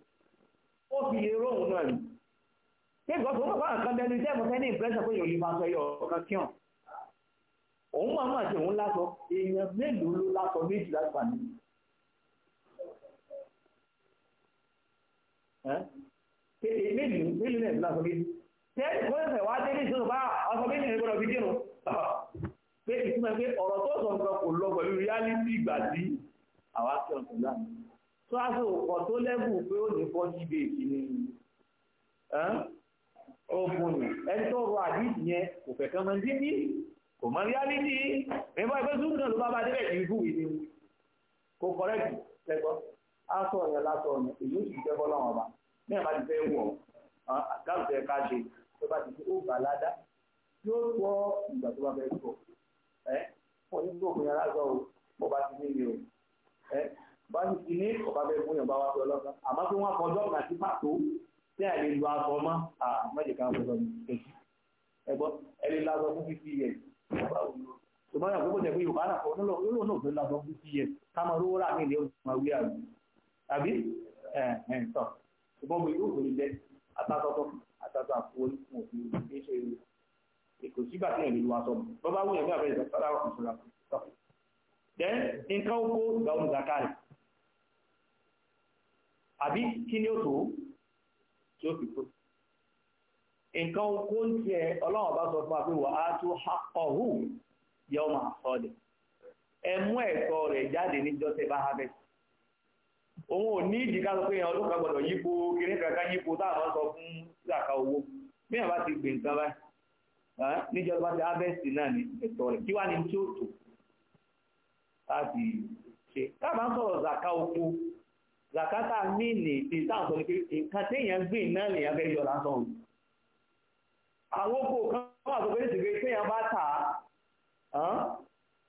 ó fi èrò òun náà rí ṣé ìgbọ́sọ̀ wọn fáwọn kan bẹnu iṣẹ́ ìmọ̀fẹ́ ní ìpẹ́sẹ̀ pé yòlí máa sọ yọ ọ̀kan kíọ̀n òun máa máa ṣe òun lásọ èèyàn mélòó ló lásọ méjì láti wà nínú mélòó mélòó náà lásọ méjì ṣé ìgbọ́sẹ̀ wá dé ní ìṣòro bá ọsọ méjì ní gbọ́dọ̀ fi dírun pé ìtumọ̀ pé ọ̀rọ̀ tó sọ nǹkan kò lọ pẹ̀lú reality tó aṣọ òkọ̀ tó lẹ́bù pé ó ní fọ́ jíbe ìkíní ọ̀bùn ẹni tó rọ àdíjì yẹn kò fẹ̀ kan mọ́ sí ní kò mọ́ rí àdíjì nígbà ẹgbẹ́ sùn náà ló bá bá débẹ̀ kì í bù ìní kò kọ́rẹ́kì lẹ́gbọ́ aṣọ ọ̀yàn lásọ ọ̀yàn èyí ó sì jẹ́ bọ́ láwọn ọba ní ẹ̀ma ti fẹ́ wọ̀ àgáàlùfẹ́ ká ṣe tó bá ti fi ó bà ládá yóò tọ́ ìgbà tó bá fẹ́ sọ ẹ́ wọ́n ní gbòògùn yàrá bá ti ti ní ọ̀pá bẹ́ẹ̀ fún ìyọ̀nba wa fi ọlọ́sàn àmọ́ tí wọ́n fọjọ́ kan sí pàtó tí àìlè lu aṣọ mọ́ àmọ́jẹ̀ kan fọjọ́ ní kejì ẹgbọ́ ẹni lásọ fún fífi yẹ ṣùgbọ́n yàgò kò jẹ́ pé yorùbá náà fọ́ nílò yóò náà fẹ́ lásọ fún fífi yẹ káma lówó rà mí ilé ọ̀gbọ̀n wí àrùn tàbí ẹ̀ ẹ̀ tọ̀ ṣùgbọ́n mi yóò fẹ́ lẹ́ àtàtọ̀tọ̀ àtàtọ̀ àpò òfin ìṣe èkó sígbà tí èmi lu aṣọ àbí kí ni ó tó tí ó fi tó nǹkan kó ń tiẹ̀ ọlọ́run bá sọ fún wa pé wà á tún ọ̀hù yọ máa sọ dẹ̀ ẹ mú ẹ̀tọ́ rẹ̀ jáde níjọ́ tẹ bá harvest òun ò ní ìdíkà sọ pé èèyàn ọdún kan gbọdọ̀ yípo kiri kankan yípo táwọn sọ fún ìgbàka owó bí wọn bá ti gbìn nǹkan báyìí níjọ́ tó bá ti harvest náà ní ẹ̀tọ́ rẹ̀ kí wá ní tí ó tó láti ṣe táwọn sọ̀rọ̀ zàká oko zakata mìíní ti sáàtọ̀ ní pé nǹkan téèyàn gbìn náà nìyàn fẹ́ yọ lásán àwọn oko kan wà tó fẹ́ sìgbé téèyàn bá tà á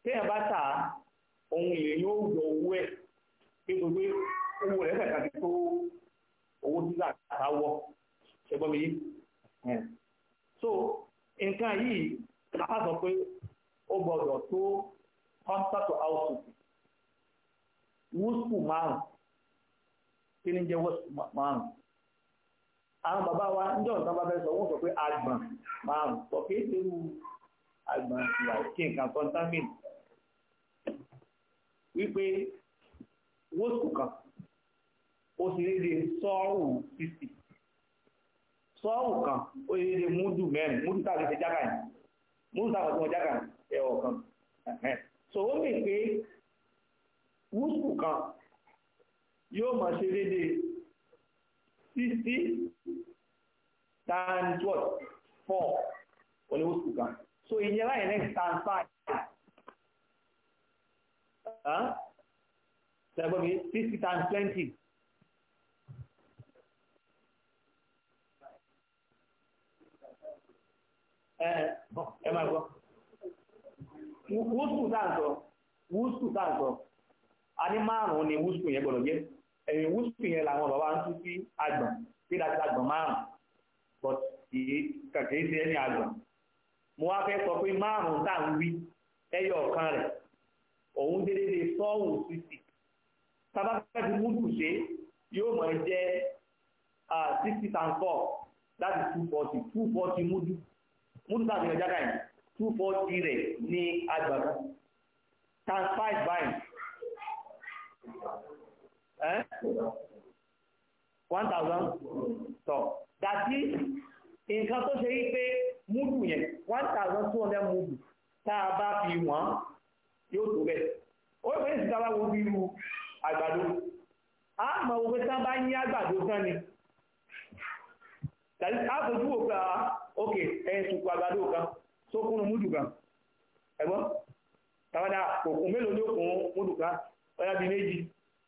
téèyàn bá tà á òun èèyàn yóò yọ owó ẹ̀ pé gbogbo owó rẹ̀ kàkà fi tó owó tí zakata wọ ṣẹgbọ́n mi yìí so nǹkan yìí a sọ pé ó gbọdọ̀ tó kọ́ńtàtò áùsù wúsù márùn-ún kí ní jẹ́ wọ́ọ̀sì márùn-ún àwọn bàbá wa ń jọ̀ nǹkan bá fẹ́ sọ wọ́n sọ pé àgbọ̀n márùn-ún sọ pé é léwu àgbọ̀n ìwà kí nǹkan contamin wípé wọ́ọ̀sì kan ó sì lè lè sọ́ọ̀rù fífi sọ́ọ̀rù kan ó lè lè múdù mẹ́rin múdù tàbí ṣe jágà yìí múdù tàbí ṣe jágà yìí ẹ̀wọ̀ kan so ó mì pé wúsù kan yóò máa ṣe dédé 60 times what 4 olówó sùkúl kan so ìyẹn láyé next times 5 ṣẹ́gbọ́n mi 60 times 20 ẹ máa gbọ́ wúsù táǹtọ̀ wúsù táǹtọ̀ a ní márùn-ún ni wúsù yẹn gbọ́dọ̀ jẹ́ ẹ̀yìn wúsùpì yẹn làwọn bàbá ń tú sí àgbọ̀n tí láti àgbọ̀n márùn-ún but èyí kàkẹ́ sí ẹni àgbọ̀n mo wá fẹ́ sọ pé márùn-ún tá à ń wí ẹyọ ọ̀kan rẹ̀ òun déédéé sọ́ọ̀wù sísì sábà fẹ́ fi múdù ṣe yóò mọ̀ jẹ́ sixty and four that is two forty two forty múdù múdù tàbí ọjà káyìn two forty rẹ̀ ní àgbàdo times five bind Eh? one thousand tọ̀ dàbí nǹkan tó ṣe wípé múdù yẹn one thousand múdù tá a bá fi wọ́n yóò tó bẹ́ẹ̀ ó yẹ kí ìsìnká bá wo bí irú àgbàdo a mọ̀ wípé tán bá yín àgbàdo tán ni tàbí a fojú wò pé ah, ok ẹ̀yìn sùkú àgbàdo kan tó kúnnú múdù kan ẹ̀gbọ́n tàwọn dà òkun mélòó ní òkun múdù kan ọ̀yà bíi méjì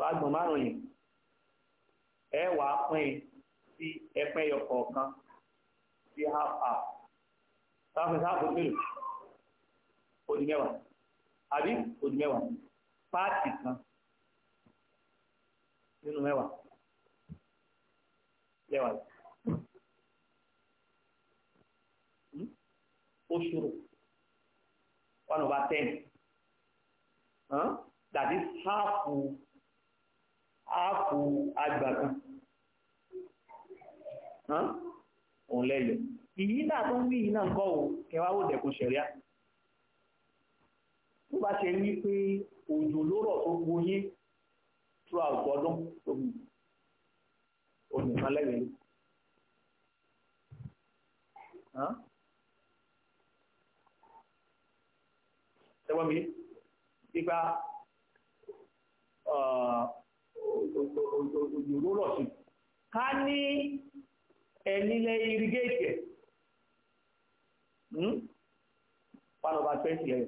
tó agbọ̀n márùn-ún yìí ẹ wà á pín sí ẹpẹ́ ọkọ̀ kan sí half half sáfẹ́ sáfẹ́ mélòó odi mẹ́wàá àbí odi mẹ́wàá páàtì kan nínú mẹ́wàá lẹ́wàá hmm? oṣù one over ten that is half áàpù agbàgbà òun lẹ́yọ̀ ìyí náà tó ń wí yìí náà ń kọ́ ò kẹwàá ó dẹ̀kun ṣẹ̀ríà tó bá ṣe rí pé òjò ló rọ̀ tó gboyé throughout ọdún tó mú onìkan ẹgbọ́n mi pípa òjò rọ̀ sí ká ní ẹ̀yìn ilẹ̀ irigéètì ẹ̀ one over twenty ẹ̀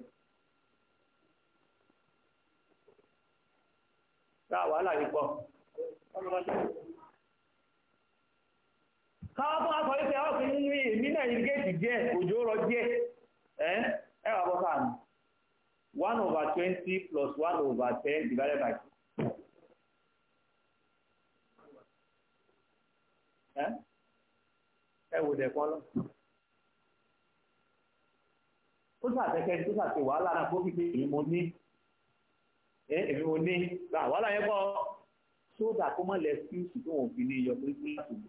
ká wàhálà yìí pọ̀ káwọ́ fún akọ̀ ìfẹ́ àwọn òfin ní èmi náà irigéètì díẹ̀ òjò rọ̀ díẹ̀ ẹ̀ ẹ̀ wà bọ́ sáà ní one over twenty plus one over ten divided by two. ẹ wò dẹ̀ kọ́ lọ. ó sàtẹ́kẹ́ tó sàtẹ́ wàhálà náà kó fìdí èmi mo ní èmi mo ní wàhálà yẹn kọ́ sódà kó má lẹ sí ṣùgbọ́n òun fi ní iyọ̀ pé kí láti lò.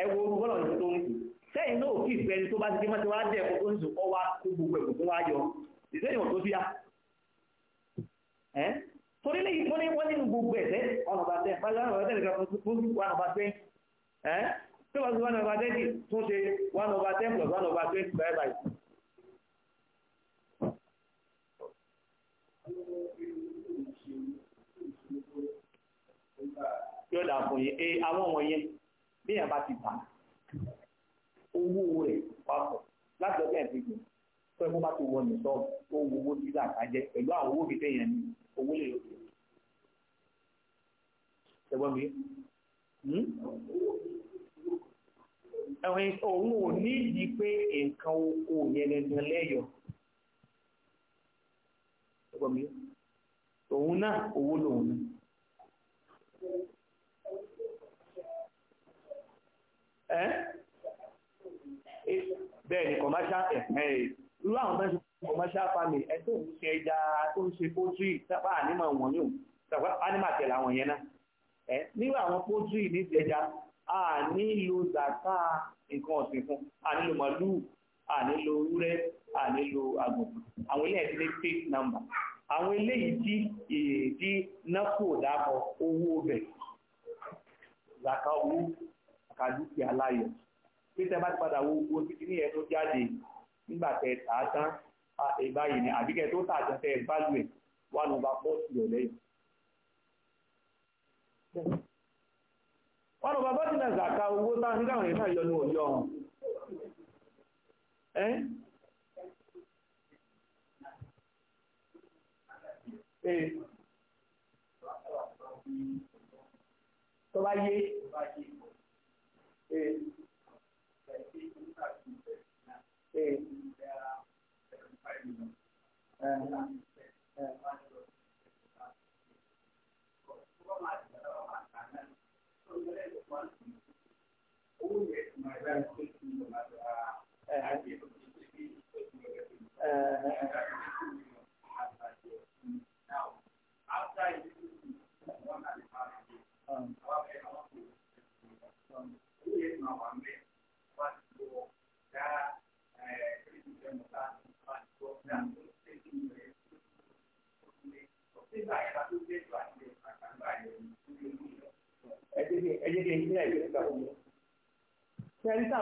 ẹ wo orú bọ́lá òṣèlú tó ń sùn sẹ́yìn náà kì í fẹ́ ẹni tó bá ti dé mọ́tò wá dẹ̀ kó tó ń sùn kọ́ wá kó gbogbo ẹ̀kọ́ tó wá yọ ìṣẹ́yìn ò tó bíyà torí lè fún ní wọ́n nínú gbogbo ẹ̀sẹ̀ ọ̀nà bá tẹ́ bájá ọ̀nà bá tẹ́ nìkan fún one over twenty ẹ́ tó bá sí one over twenty tún ṣe one over ten plus one over twenty bye bye. yóò dà fún yín ee eh, àwọn ọmọ yẹn bí yàrá ti bà owó rẹ̀ papọ̀ láti ọjọ́ ẹ̀sìn gbìn tó ẹ̀kọ́ bá ti wọ nìṣọ́ owó owó dídà kájẹ pẹ̀lú àwọn owó mi tẹ̀yẹ̀ ni owó lè lòdì ẹ̀gbọ́n mi hmm? òun ò ní ìdí pé nǹkan oko yẹn dandan lẹ́yọ̀ ẹ̀gbọ́n mi òun náà owó lòun náà. bẹ́ẹ̀ ni kọ̀máṣá ẹ̀ ẹ̀ irú àwọn bá ń commercial family ẹ tó ń ṣe ẹja tó ń ṣe poultry sábà ànímọ̀ wọn yóò sábà animal tẹ̀lé àwọn yẹn náà ẹ nígbà àwọn poultry ní ìṣẹ̀já a nílò zaka nǹkan ọ̀sìn fún a nílò màlúù a nílò ewúrẹ́ a nílò àgùntàn àwọn ilé ẹ̀sìn ní fake number àwọn eléyìí tí èdè náfò dábọ̀ owó bẹ̀ zaka owó àkàdúkì aláyọ̀ pété bá ti padà wo owó títí ní ẹ̀ tó jáde nígbà tẹ̀ tàá tán ìbáyìí ah, ni àbíkẹ́ tó tàjọ fẹ́ value wà ní ọba pọ́ọ̀tì rẹ̀ lẹ́yìn wọ́n lọ bá bọ́ọ̀tì náà zàkà owó táwọn nígbàwọn èèyàn náà yọ ní òyọ́ ọ̀hún ẹ́ tó bá yé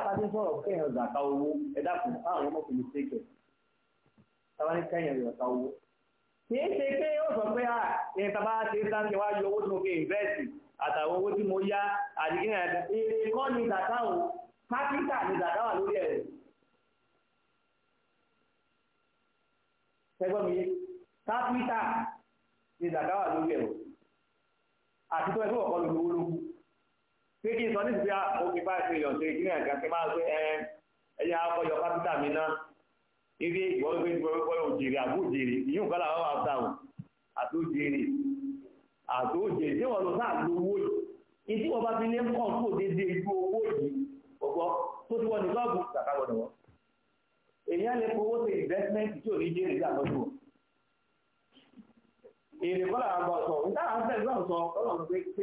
bá ti ń sọ̀rọ̀ kẹ́yìn zàkà owó ẹ dákun káwọn ọmọ kò ní ṣèkẹ̀ táwa ní kẹ́yìn zàkà owó. kì í ṣe pé ó sọ pé ẹ̀yìn tàbá ṣe sá ṣe wáyé owó tí mo fi invest àtàwọn owó tí mo yá àdìgínà èrè kọ́ ni zàkà o kápítà ni zàkà wà lórí ẹ̀rẹ̀. ṣẹgbọ́n mi kápítà ni zàkà wà lórí ẹ̀rọ àti tó ẹgbẹ́ ọ̀kọ́ lòlówó lókù pé kí n sọ nítorí ah, five million ṣe kí ní àgbà máa gbé ẹ ẹyẹ kápítà mi ná ibi ìwọ́gbé ìwọ́gbé òjèrè àbújèrè ìyún kọ́lá wọn wà fún àtòjèrè àtòjèrè tí wọ́n lọ sáà yìí bá fi lé tó dédé owó yìí tó ti ní lọ́ọ̀bù wọn lè ṣe investment tí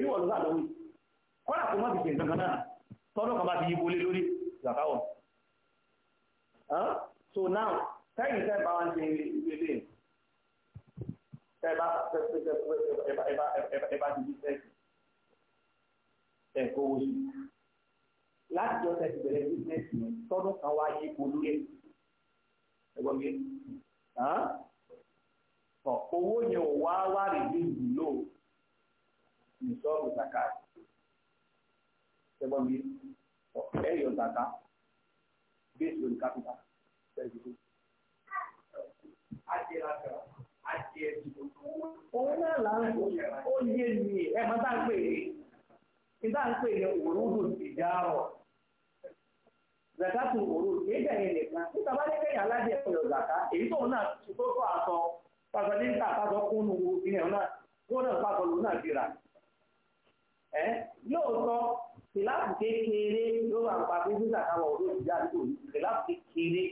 kọ́lá kò mọ́ ti ṣe nǹkan náà tọ́dọ̀ kan bá ti yí bolé lórí zakawọ̀ so now tẹ́yìn tẹ́ bá wọn ṣe ilé tẹ́ bá ẹ bá ti bí sẹ́ẹ̀kì ẹ̀kọ́ oṣù láti jọ tẹ́ ti bẹ̀rẹ̀ bísíǹsì yẹn tọ́dọ̀ kan wá yí bolú yẹn ẹgbọ́n mi owó yẹn ò wá wá rèé lò ní sọ́ọ̀bù zakawọ̀. ẹgbọ́n mi ẹ̀yọ̀ zaka base lórí kápítà ṣẹ́yìn òun náà là ń ó yé mi ẹ máa ń pè é ń pè é òróró zakatu òróró nìkan kẹ́yìn aládé zaka èyí náà tó tó àtọ pàṣẹ ní náà kó náà pàṣẹ lòun náà ti rà yóò sọ kìláàbù kékeré ló wà nípa pé sísà káwọ̀ ọdún ìjà àdúgbò ní kìláàbù kékeré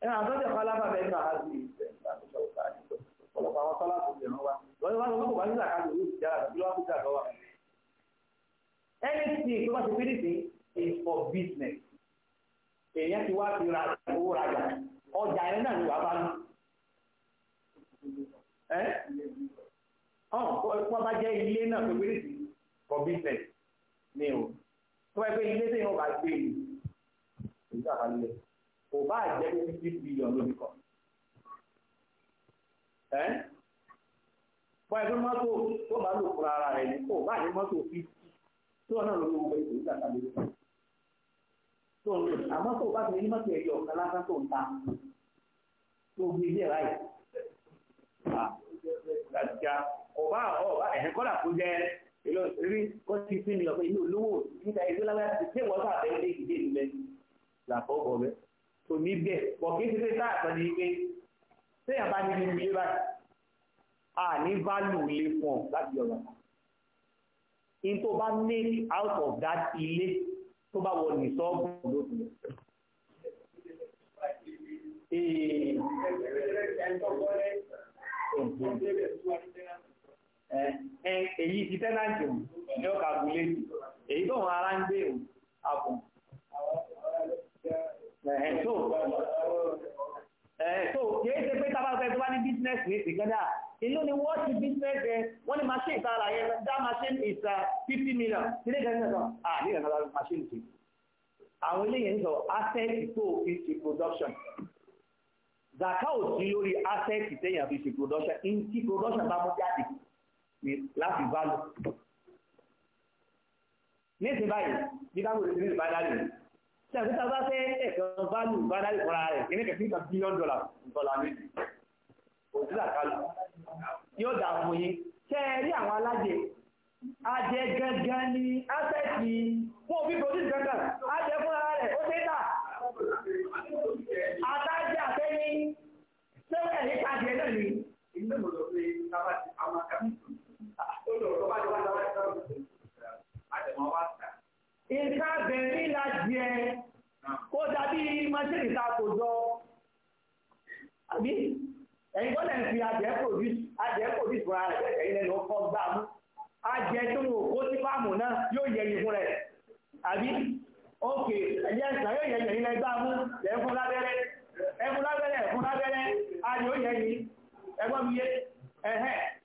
ẹnu àtọ́jọ́ pálábà bẹ́ẹ̀ náà láti ọ̀pọ̀lọpọ̀ àwọn sọ́lá tó lè rán wa lọ́yọ́ wá lọ́wọ́ kò bá sísà káwọ̀ ọdún ìjà àdúgbò lọ́wọ́ kúta lọ́wọ́ ní o tó bá yẹ pé ilé tí yóò bá gbé ni èyí tó àbá lẹ kò bá jẹ pé fifty billion ló fi kọ ẹ bá yẹ pé mọ́tò tó bá lò fún ara rẹ̀ ni kò bá ní mọ́tò fifty tó náà ló gbogbo èyí tó àbá lẹ tó ń lò àmọ́ tó bá ti ní mọ́tò ẹ̀yọ ọ̀kan lásán tó ń ta tó gbé ilé ráì ọba ọba ẹ̀hìn kọ́là kó jẹ́ ìlọ rí wọ́n ti fi ní ọ̀pẹ inú olówó níta ẹgbẹ́ lágbára ti tẹ́ wọ́n sáà tẹ́lẹ̀ ìdílé ìlẹ̀ làbọ̀ bọ̀ bẹ́ tó ní bẹ́ẹ̀ bọ̀ kí ti fi tá àtọ́ ni pé sẹ́yìn bá ní ní ilé báyìí a ní válù ilé fún ọ láti ọ̀rọ̀ in tó bá ní out of that ilé tó bá wọ ní sọ́ọ̀bù lóṣù Ee èyí ti tẹ́nàtì òun ní ọkà abúlé èyí tó wọn ara ń gbé òun àbùn tó kìí ṣe pé tábà fẹ́ tó bá ní bísínẹ́sì ní ìgbẹ́dà inú ni wọ́n ti bísínẹ́sì ẹ wọ́n ní machine tààrà yẹn dá machine is uh, fifty million sílé ìgbẹ́sẹ̀ ah ní ìgbẹ́sẹ̀ sọ machine ti àwọn eléyìí ń sọ asset tó fi ṣe production zaka ò sí lórí asset tẹ̀yàn fi ṣe production in ti production bá mú jáde láti bá lò ní ìsìn báyìí bí káwọn olùsìn ní ìbádárì ṣe àfihàn bá fẹ́ ẹ̀kan bá lò ìbádárì fúnra rẹ̀ kìíní kẹfí kan bílíọ̀n dọ́là dọ́là méjì òtún àkálù yóò dà fún yín ṣe é rí àwọn alájẹ ajẹ gangan ní ásẹ́ẹ̀tì fún òbí produce gangan ajẹ fúnra rẹ̀ ó ṣe tà àtàjẹ àtẹ́yìn ṣé ẹ̀yìn kájẹ náà ni ìgbẹ́mọ̀lọ́ pé tábàtì àwọn akábí nǹkan bẹ̀rẹ̀ nílá jẹ kó dàbí mọ́ṣẹ́lì ta kò jọ àbí ẹ̀yìn gbọ́dọ̀ fi adìẹ produce adìẹ produce fúnra rẹ̀ ẹ̀yìn lẹ́nu ọkọ̀ gbà mú adìẹ tó wò ó sí fáàmù náà yóò yẹ yìí fún rẹ̀ àbí òkè ẹ̀yẹ ẹ̀sán yóò yẹ yìí lẹ́gbà mú ẹ̀fún lábẹ́rẹ́ ẹ̀fún lábẹ́rẹ́ ẹ̀fún lábẹ́rẹ́ adìẹ ó yẹ yìí ẹgbọ́n mi yé ẹ̀hẹ́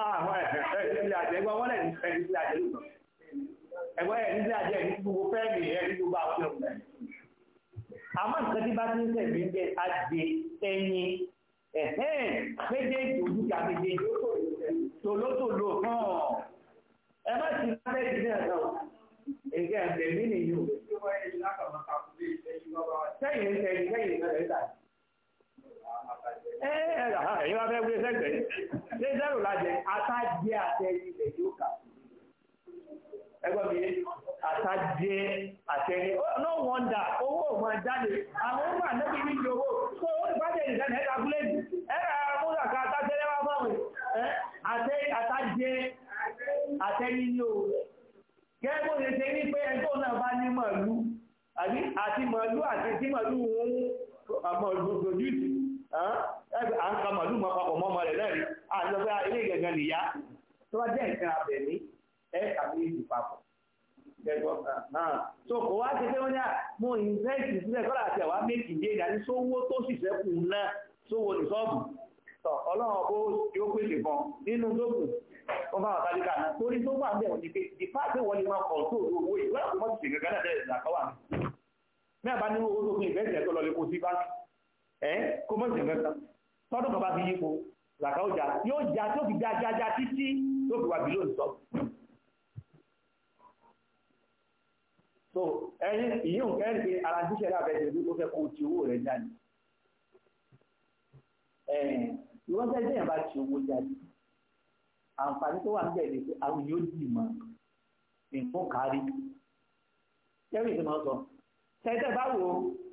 àwọn ẹ̀ẹ́dẹ́gbẹ̀rún àjẹ́gbọ́n wọ́n lẹ̀ ní ẹ̀ẹ́dẹ́gbẹ̀rún àjẹ́gbọ́n ẹ̀wọ́ ẹ̀ nílé àjẹ́ ní gbogbo fẹ́ẹ̀mì ẹ̀ ní gbogbo àwọn ọmọ ẹ̀. àmọ́ nǹkan tí bá ti ń tẹ̀lé ń bẹ àjẹ ẹyin ẹ̀hẹ́n méjèèjì ojúkà méjèèjì tòlótòló hàn ẹ má ti má bẹ́ẹ̀ sílẹ̀ náà ẹ̀gẹ́ ẹ̀mí nìyí o. sẹ́yìn ẹ̀yìn wá fẹ́ gbé sẹ́gbẹ̀ẹ́ ṣé zero lájẹ atajẹ àtẹ̀yìn ilẹ̀ yóò kà ẹgbọ́n mi atajẹ àtẹ̀yìn no wonder owó ò máa jáde àwọn ọmọ ànábì ní ìjọ owó tó ó ti bájẹ̀ ìdáná ẹ̀ka búlẹ́ẹ̀dì ẹ̀ka múlà ká atajẹ́lẹ́ wá fáwọn atajẹ àtẹ̀yìn ní owó gẹ́gẹ́ bó ṣe ṣe ní pé ẹjọ́ náà bá ní màálù àti màálù àti tí màálù òun màálù produce à ń ka màlúù mọ́ papọ̀ mọ́ ọmọ rẹ̀ náà rí àjọ pé ilé ìgẹ̀gẹ̀ nìyá tó bá jẹ́ nǹkan abẹ̀mí ẹ àbí ìlú papọ̀ so kò wá ṣe pé wọ́n ní à mo invest sílẹ̀ kọ́lá àti àwa méjì dé ìdájí sówó tó sì fẹ́kù náà sówó ní sọ́ọ̀bù tọ̀ ọlọ́run ó yóò pèsè kan nínú tó kù bá wàtá líka náà torí tó wà bẹ́ẹ̀ ni pé ìfá àti wọ́n ní máa kọ̀ tó owó ìwé àkọ́mọ́sí gẹ́gẹ́ náà dẹ̀ ìdàkọ́wà mẹ́ẹ̀bá nínú owó tó fún ìbẹ́sẹ̀ tó lọ lè kó sí báńkì ẹ́ kó mọ́ ìsìn kankan tọ́dún kan bá fi yípo làkà ó jà yóò jà tó fi jájájá títí tó fi wà bí lóòótọ́ sọ. so ẹni ìyóò ẹni pé ara ṣíṣe lábẹ́ ìṣèlú ó fẹ́ kó o ti owó rẹ̀ jáde ìwọ́n fẹ́ bẹ́ẹ̀ bá ti owó jáde àǹfààní tó wà níbẹ̀ ni pé àwọn yóò dì mọ́ nǹkan kárí kẹ́rì ìṣẹ́ máa sọ tẹ́tẹ́ báwo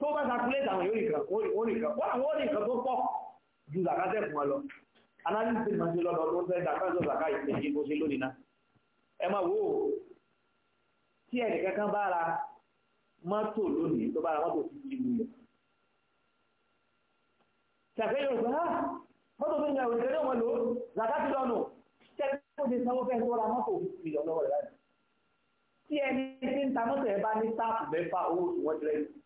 tó bá calculate àwọn yóò nìkan ó nìkan wọ́n àwọn oníkan tó pọ̀ ju zakatẹ̀ fún ọ lọ analysis máa ṣe lọ́dọ̀ tó fẹ́ zakatẹ̀ zaka ìpèsè bó ṣe lónìí náà ẹ máa wò ó tí ẹnì kankan bá ra mọ́tò lónìí tó bá ra mọ́tò fifty million ṣàfihàn yorùbá ah, mọ́tò tó ń gbà òṣèré wọn lò zakatẹ̀ lọ́nà tẹ́lifíṣẹ́ ti sanwó fẹ́ tó ra mọ́tò fifty million lọ́wọ́ rẹ̀ láti tí ẹni tí ń ta mọ́tò ẹ bá ní sáàpù mẹ́fà owó tí wọ́n jẹ́ lẹ́yìn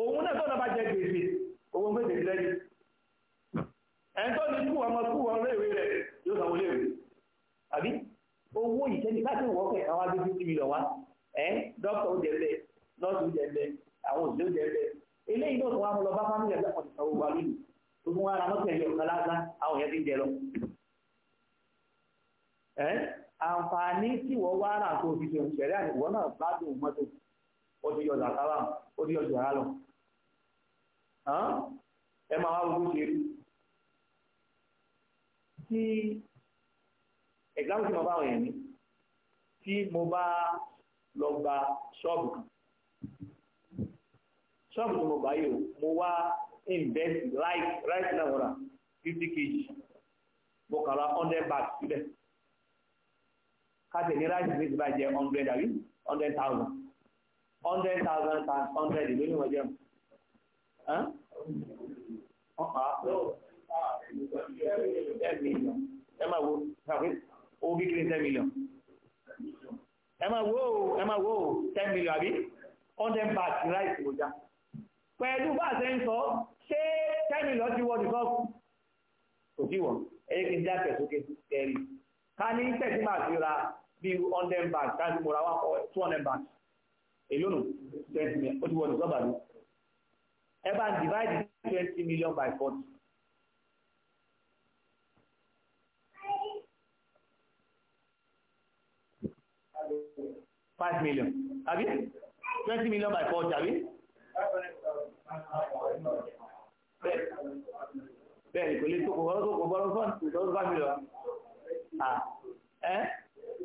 òun náà tọ́nà bá jẹ gbèsè owó gbèsè lẹ́yìn ẹni tó ní kú ọmọ kú ọmọ rẹ̀ yóò sanwó léèwé àbí owó ìṣẹ́ni láti wọ́pẹ̀ àwọn agbègbè ti mílíọ̀n wá ẹ́ dókítà ó bẹ́ẹ̀ nọ́ọ̀sì bẹ́ẹ̀ àwọn òṣèlú bẹ́ẹ̀ eléyìí náà tó lọ bá fámìlì kan lónìí tó fún wa ara mọ́tò kan ó ti yọ zakara ó ti yọ zakara lọ ẹ máa wá gbogbo ṣe tí ẹ̀gbọ́n tí mo bá wọ̀nyẹn ni tí mo bá lọ gba ṣọ́ọ̀bù kan ṣọ́ọ̀bù tí mo bá yìí mo wá invest like right now ra fifty kg mo kàn ra hundred bags sílẹ̀ káṣẹ̀ ní ráìsì ní ti bá jẹ́ hundred àbí hundred thousand hundred thousand times hundred ìlú ni wọ́n jẹ́ ẹ máa wo owó kékeré ten million ẹ máa wo ẹ máa wo ten million àbí hundred baht ní láìsí ìwòjá pẹ̀lú bá ṣe ń sọ ṣé ten million ti wọ nìkan kò sí wọ̀ ẹ̀yẹ́ kí n já tẹ̀sókè tẹ̀rí ká ní tẹ̀sí máa fi ra bí hundred baht ká ní mo ra wá two hundred baht èlónù twenty million ó ti wọ́n ìjọba ló ẹ bá ń divide twenty million by forty. five million àbí twenty million by forty àbí. bẹ́ẹ̀ni kò lè tó kò bọ́rọ̀ tó kò bọ́rọ̀ fún ọ̀sán five million. Ah.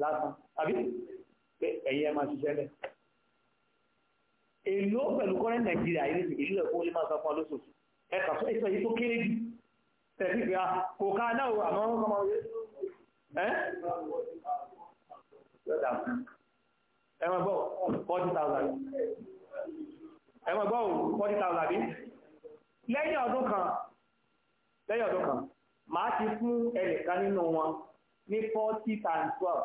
lásán àbí ẹ̀yẹ máa ṣiṣẹ́ lẹ̀ èlò pẹ̀lú kọ́rẹ́ nàìjíríà ilé ìlú ẹ̀kọ́ lè máa sọ fún alóṣòṣù ẹ̀ka fún ẹ̀sọ́ yìí tó kéré jù tẹ̀sí pé ah, kò ká náà àmọ́ wọn kọ́mọ ẹ́ ẹ̀wọ̀n gbọ́ forty thousand ẹ̀wọ̀n gbọ́ forty thousand bí lẹ́yìn ọdún kan lẹ́yìn ọdún kan màá ti fún ẹnìkan nínú wọn ní forty times twelve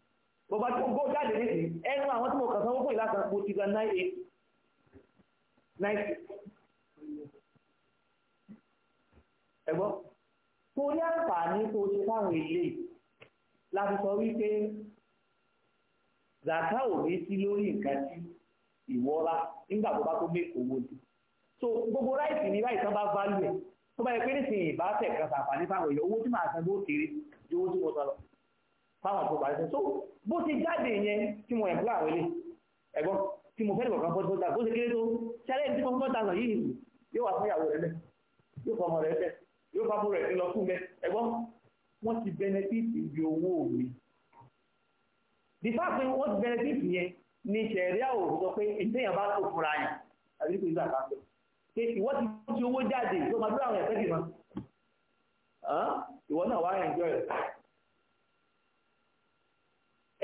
bọ̀bá tó gbó jáde ní ìsìn ẹnu àwọn tí mo kàn sanwó fún ìlàsàn mo ti gba nine eight nine six ẹ̀gbọ́n torí àǹfààní tó ṣe fáwọn ilé la fi sọ wípé zaka ò ní sí lórí nǹkan tí ìwọ́ra nígbà tó bá tó mé owó ni so gbogbo ráìtì ní ráìtì kan bá value ẹ̀ tó bá yẹ pé nísìnyí ìbáfẹ̀ kan sàǹfààní fáwọn èèyàn owó tí màá san bó kéré ju owó tí mo sọ lọ fáwọn tó parí so bó ti jáde yẹn tí mo ẹ̀kọ́ àwọn ilé ẹ̀gbọ́n tí mo fẹ́ lè kọ̀ọ̀kan fọ́tí fọ́tí tó ṣe kéré tó ṣẹlẹ̀ tí mo fọ́tí àwọn yìí yóò wà fún ìyàwó rẹ̀ lẹ̀ yóò fọmọ rẹ̀ lẹ̀ yóò bá búrẹ̀ lọ fún mẹ́ ẹ̀gbọ́n wọ́n ti bẹnẹfíìtì ibi owó mi the fact pé wọ́n ti bẹnẹfíìtì yẹn ni ṣẹ̀ríà òfin sọ pé ìtẹ̀yàn bá tó fúnra yẹn àbí kò ìgbà kan pé ìwọ́n ti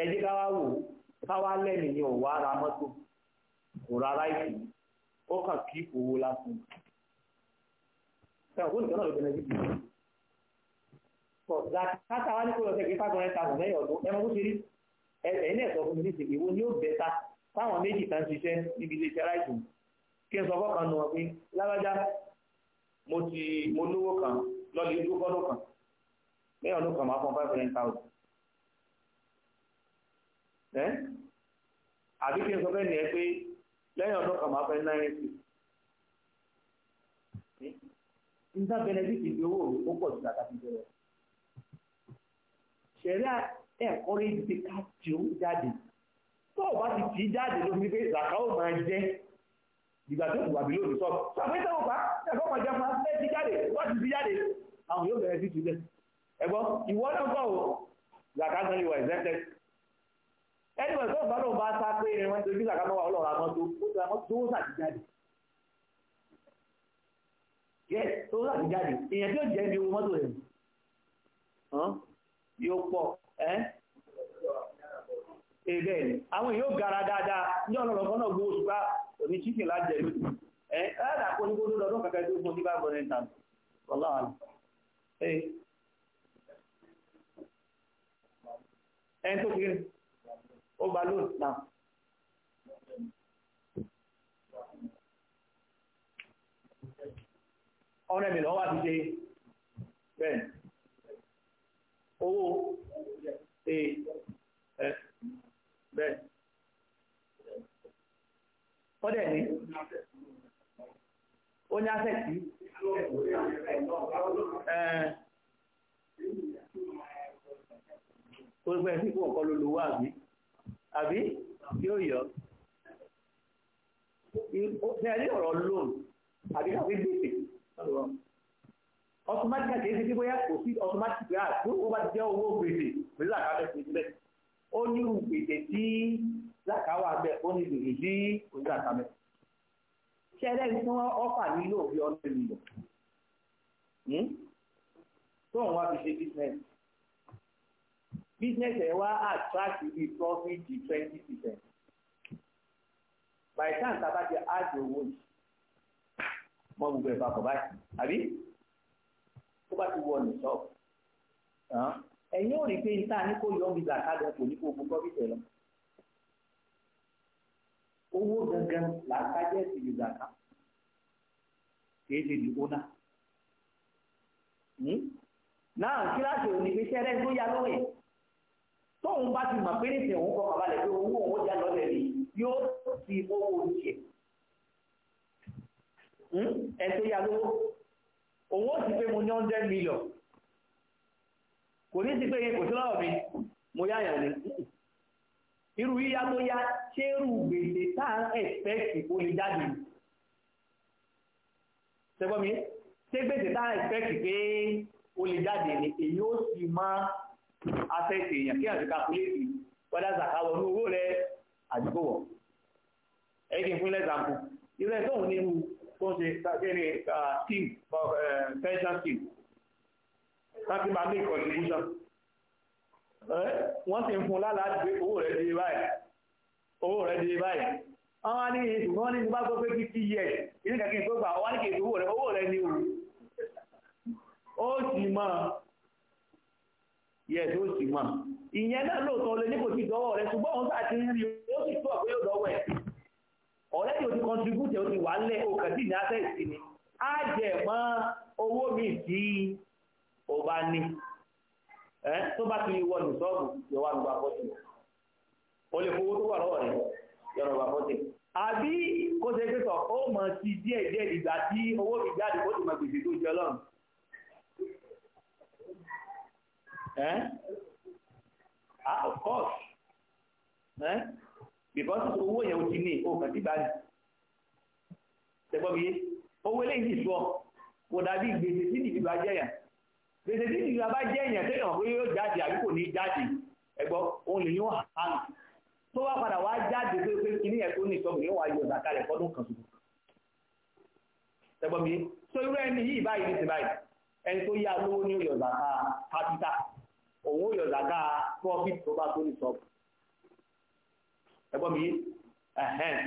ẹjẹ́ ká wá wò káwá lẹ́mìí ni ọ̀wá ara mọ́tò kò rárá ìtì ó kàn kí owó lásán ṣe òkú nìkan náà ló bẹ̀rẹ̀ sí ìdílé pọ̀ zàkátà wá ní kó lọ sí ẹgbẹ́ fáfọ̀rẹ́ ta ọ̀nà ẹ̀yọ̀ ọdún ẹmọ bó ṣe rí ẹ̀yìn ẹ̀sọ́ fún mi ní ìsìnkú ìwọ ni ó bẹ̀ta táwọn méjì kan ṣiṣẹ́ níbi ilé iṣẹ́ ráìtì kí n sọ fọ́kàn nù wọn pé lábájá mo ti mo lówó kan lọ́ọ̀lì ìlú kọ́nù kan mẹ́rin ọdún kan máa fọ́n five hundred thousand ẹ́ àbí kí n sọ fẹ́ni ẹ pé lẹ́yìn ọdún kan máa fẹ́ náírà sí i nígbà bẹnẹfìtì di owó ó pọ̀ ju tàbí bẹ̀rẹ̀ ṣẹ̀ríà ẹ̀kọ́rẹ́ ti ká tí ó jáde tó o bá ti tì í jáde ló fi pé zaka ó máa jẹ́ ìgbà tó kù wàbí lóòrùn sọ sàfẹ́ tẹ́wọ̀ pa ẹ̀kọ́ máa jẹ́ fún ẹ ti jáde wọ́n ti ti jáde àwọn yóò bẹ̀rẹ̀ sí ìtúlẹ̀ ẹ̀gbọ́n ìwọ náà bọ̀ o zaka ẹni wọ̀n tó bá lóun bá sá pé irin wọn torí sàkánú wa ọlọ́run àmọ́ tó ó sọ àwọn tó sàti jáde yẹ tó sàti jáde èèyàn tí jẹ́ ibi mọ́tò rẹ̀ yóò pọ̀ gara dáadáa ní ọ̀nà náà gbówó òní chicken lájẹ̀ eh? ẹ́ ẹ́dà kó kankan tó fún ní ẹ́ eh? ẹ́ ó gba lóòtù náà. ọ̀rẹ́ mi lọ́wọ́ àti ṣe bẹ́ẹ̀ owó ṣe ẹ bẹ́ẹ̀ ọdẹ ni ó ní àṣẹ̀tì kó gbẹ́ sí kó ọ̀kọ́ ló lówó àbí àbí yóò yọ ní ẹni ọ̀rọ̀ loan àbí kàwé gbèsè ọtọmátìkà kìí ṣe bóyá kò sí ọtọmátìkà rà tó ó bá jẹ́ owó gbèsè pẹ̀lú àkàwé fún ìbílẹ̀ ó ní gbèsè tí lákàwà bẹ̀ ó ní gbèsè tí kò sí àkàwé ṣẹlẹ̀ tí wọ́n ọ́fà nílò bí ọdún ènìyàn hmm? tó wọ́n wá fi ṣe business business ẹ̀ wá attract ibi profit to twenty percent by time tá a bá ti add owó yìí wọ́n gbogbo ẹ̀ papọ̀ báyìí àbí tó bá ti wọ ọ̀nà ṣọ́ọ̀bù ẹ̀yin ò rí pé níta ní kó yọ̀ gbígbà kájọ kò ní kó gbogbo profit ẹ̀ lọ owó gangan là ń kájẹ́ sí gbígbà kan kìí ṣe di owner náà hmm? kíláàsì òní fi ṣẹ́rẹ́ tó yá lóye tóun bá ti mọ̀ pé ní ìsìn òun kọkàn balẹ̀ pé owó òun já lọ́dẹ̀ rí yóò fi owó tiẹ̀ hmm? ẹ̀sẹ̀ ya lówó òun ó sì pé mo ní hundred million kò ní sí pé kò sí lọ́wọ́ mi mo yá yàn ní irú yíyá tó yá ṣérù gbèsè tá à ń ẹ̀spẹ́kì ó lè jáde ṣẹgbọ́n mi ṣé gbèsè tá à ń ẹ̀spẹ́kì pé ó lè jáde ni èyí ó sì máa asẹ́ẹ̀tì èèyàn kí àti kàkúlẹ́ẹ̀tì wọ́dá zàkáwọ̀ ní owó rẹ̀ àdúgbò wọ̀ ẹ̀kí fún tóun nínú tó ń ṣe team pension scheme láti máa make contribution wọ́n ti ń fún owó rẹ̀ di báyìí owó rẹ̀ di báyìí àwọn ní ní bá gbọ́ pé fifty years wọ́n ní owó rẹ̀ owó rẹ̀ ni yẹ sì ìyẹn náà rẹ ṣùgbọ́n sáà ti ń rí ó sì tó ẹ̀ ọ̀rẹ́ tí o ti contribute o ti wà lẹ́ òkàdì ní asẹ́ ìsinmi owó mi tí bá ní ẹ́ tó bá ti wọ ní sọ́ọ̀bù fọ́tì o lè fowó tó wà lọ́wọ́ rẹ̀ fọ́tì àbí kó ṣe pé Eh? Ah, of course. Eh? Because owó yẹn o ti ní o kàn ti bá ní. Tẹ́gbọ́n mi yé, owó eléyìí ti sọ, kò dàbí gbèsè tí nìbí bá jẹ́ yàn. Gbèsè tí nìbí bá jẹ́ yàn téèyàn pé yóò jáde àbí kò ní jáde. Ẹ̀gbọ́n, òun lè yóò hàn. Tó wá padà wá jáde pé pé kíní kan tuntun. so zaka profit tó bá tó ní sọ́ọ̀bù ẹgbọ́n mi ẹ̀hẹ́n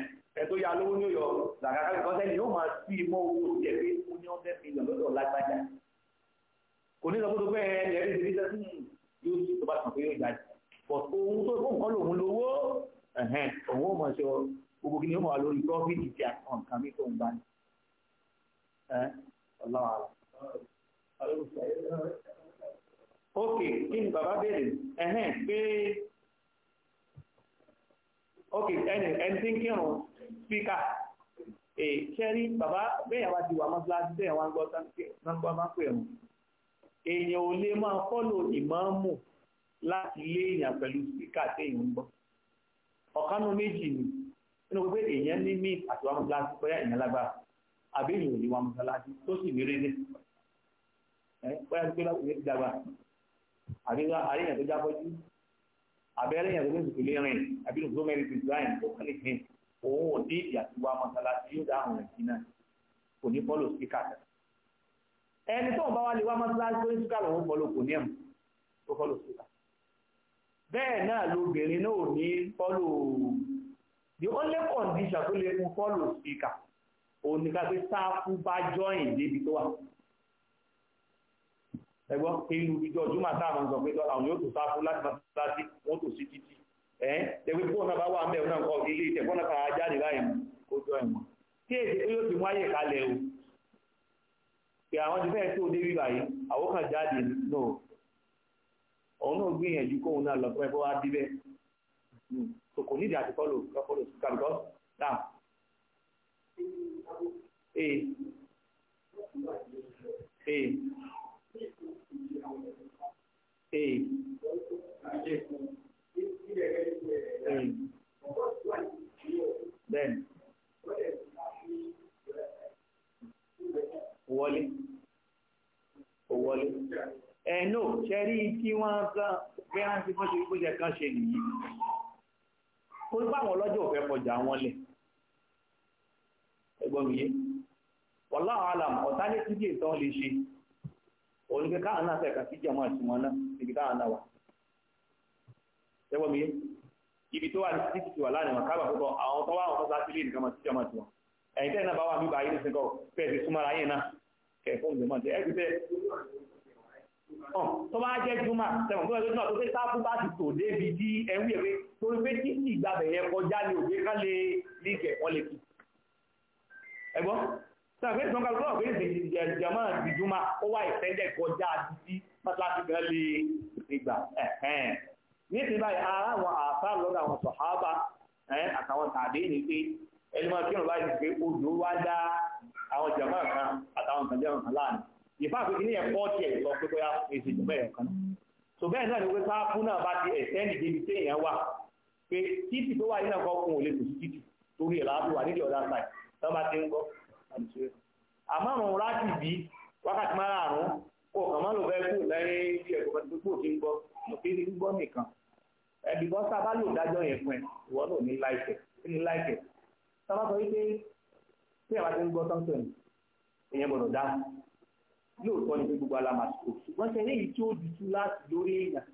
ẹ tó yá lówó ní òyọ zaka káfíńsì kọ́sẹ́ ni yóò máa sí ìmọ̀ owó tó jẹ́ pé ó ní ọ̀dẹ́ fi lọ lọ́dọ̀ lágbájá kò ní sọ́kó tó fẹ́ ẹ̀rí ti ríṣẹ́ fún yóò sì tó bá tàn pé yóò jáde but ohun tó fún nǹkan lòun lówó ẹ̀hẹ́n òun ó máa ṣe gbogbo kí ni ó máa lórí profit ti àkànkàn ókè kí ni bàbá ẹ̀hẹ́n pé ókè ẹni ẹni tí ń kírun spíkà kẹ́rí bàbá bẹ́ẹ̀ gbọ́ máa pè ẹ̀hún èèyàn ò lè máa láti lé èèyàn pẹ̀lú spíkà ń gbọ́ ọ̀kánú méjì ni pé èèyàn ní àti lágbára àbí èèyàn ò ní tó sì àbí àríyàn tó jábọ́jú àbí àríyàn tó lóṣù kìlẹ̀ rìn àbí lóṣù mẹ́rin ti gbà yẹn tó kàn lè fi òun ò dé ìyàtúwà mọ́sálásí yóò dá àwọn ẹ̀sìn náà kò ní fọ́lọ̀ síkà kan ẹni tó ń bá wá lè wá mọ́sálásí tó ní síkà lòun fọ́lọ̀ kò ní ẹ̀mú tó fọ́lọ̀ síkà náà ò ní fọ́lọ̀ the only condition tó lè mú fọ́lọ̀ síkà òun ni ká pé sáfù bá jọyìn débi tó wà ẹgbọ́n ìlú ìjọ jùmọ̀ táwọn sọ pé àwọn yóò tó sáfù láti máa sá sí wọn tó sí títí ẹ tẹgbẹ́ fún ọ̀nà bá wà mẹ́ ọ̀nà nǹkan ilé ìtẹ̀kọ́ náà kàrà jáde báyìí ó jọ ẹ̀wọ̀n tí èdè pé yóò ti mú ayé kalẹ̀ o pé àwọn ti fẹ́ tó débi báyìí àwọn kan jáde náà òun náà gbìyànjú kóun náà lọ fún ẹgbẹ́ wa díbẹ̀ so hmm. kò àti ee. Ee. Bẹ́ẹ̀ni. Wọlé. Ó wọlé. Ẹ no, ṣe rí tí wọ́n gan fẹ́ràn sí fún ṣe kó jẹ kan ṣe nìyí. Kó bá àwọn òfẹ́ kọjá wọn lẹ̀. Ẹgbọ́n mi yé. Wallahu alam, ọ̀tá ní kíndìnrín tán lè ṣe òun ni pé káwọn náà fẹ̀ka sí jẹ̀mọ́ àtìmọ́ náà níbi káwọn náà wà. ẹwọ́n mi yé ibi tó wà ní títí ti wà láàrin wọn kábà púpọ̀ àwọn tó wà àwọn tó sá sílé nìkan máa sí jẹ̀mọ́ àtìmọ́ ẹ̀yìn tẹ́ẹ̀ náà bá wà nígbà ayé nísìn kọ́ fẹ́ẹ̀ ti súnmọ́ ara yẹn náà kẹ̀kọ́ ìjọmọ́ ti ẹ̀kú tẹ́ tó bá jẹ́ júmọ́ tẹ̀wọ̀n tó lọ́jọ́ tó fẹ́ sáfù bá ti tò débi tí ẹ̀wí ẹ̀wé torí pé tí ìgbàbẹ̀ yẹn kọjá ní òbí ká lè ní ìkẹ̀ wọ́n lè kí ẹgbọ́n sọ̀rọ̀ ìtàn kan lọ́wọ́ pé ìṣe ìjẹ̀mọ́ ìdìjúmọ́ ó wá ìfẹ́jẹ̀ kọjá títí pátálásí gan lè gbà ní ti báyìí àwọn àṣà lọ́dọ̀ àwọn sọ̀hábà àtàwọn tàbí ní pé ẹni máa kírun báyìí pé odò wá dá àwọn jàmáà kan àtàwọn kan jẹ́wọ̀n kan láàánú ìfáàfin ní ẹ̀kọ́ tiẹ̀ sọ pé bóyá èsì ìjọba ẹ̀yọ̀ kan so bẹ́ẹ̀ náà ni pé sáàpù náà bá ti ẹ̀sẹ́ nìdí ibi tí èèyàn wà pé títì tó wà nínú ọkọ̀ òkun ò lè lò sí títì torí ẹ̀ láàbù wà nídìí ọ̀dà sáì tó bá ti ń gbọ́ àmọ́ àwọn ráàtì bí wákàtí márààrún kò kàn má lò bẹ́ẹ̀ kú lẹ́yìn bí ẹ̀kọ́ bá ti gbó ti ń gbọ́ mo fi ń gbọ́ nìkan ẹ̀bí bọ́ sábà lò dájọ́ yẹn fún ẹ ìwọ náà ní láìpẹ́ ní láìpẹ́ sábà sọ wípé tí ẹ̀ bá ti ń gbọ́ sọ́ńtọ̀nì èèyàn gbọ́dọ̀ dá lóòótọ́ ni pé gbogbo alamàsìkò ṣùgbọ́n ṣe eléyìí tí ó dùtú láti lórí èèyàn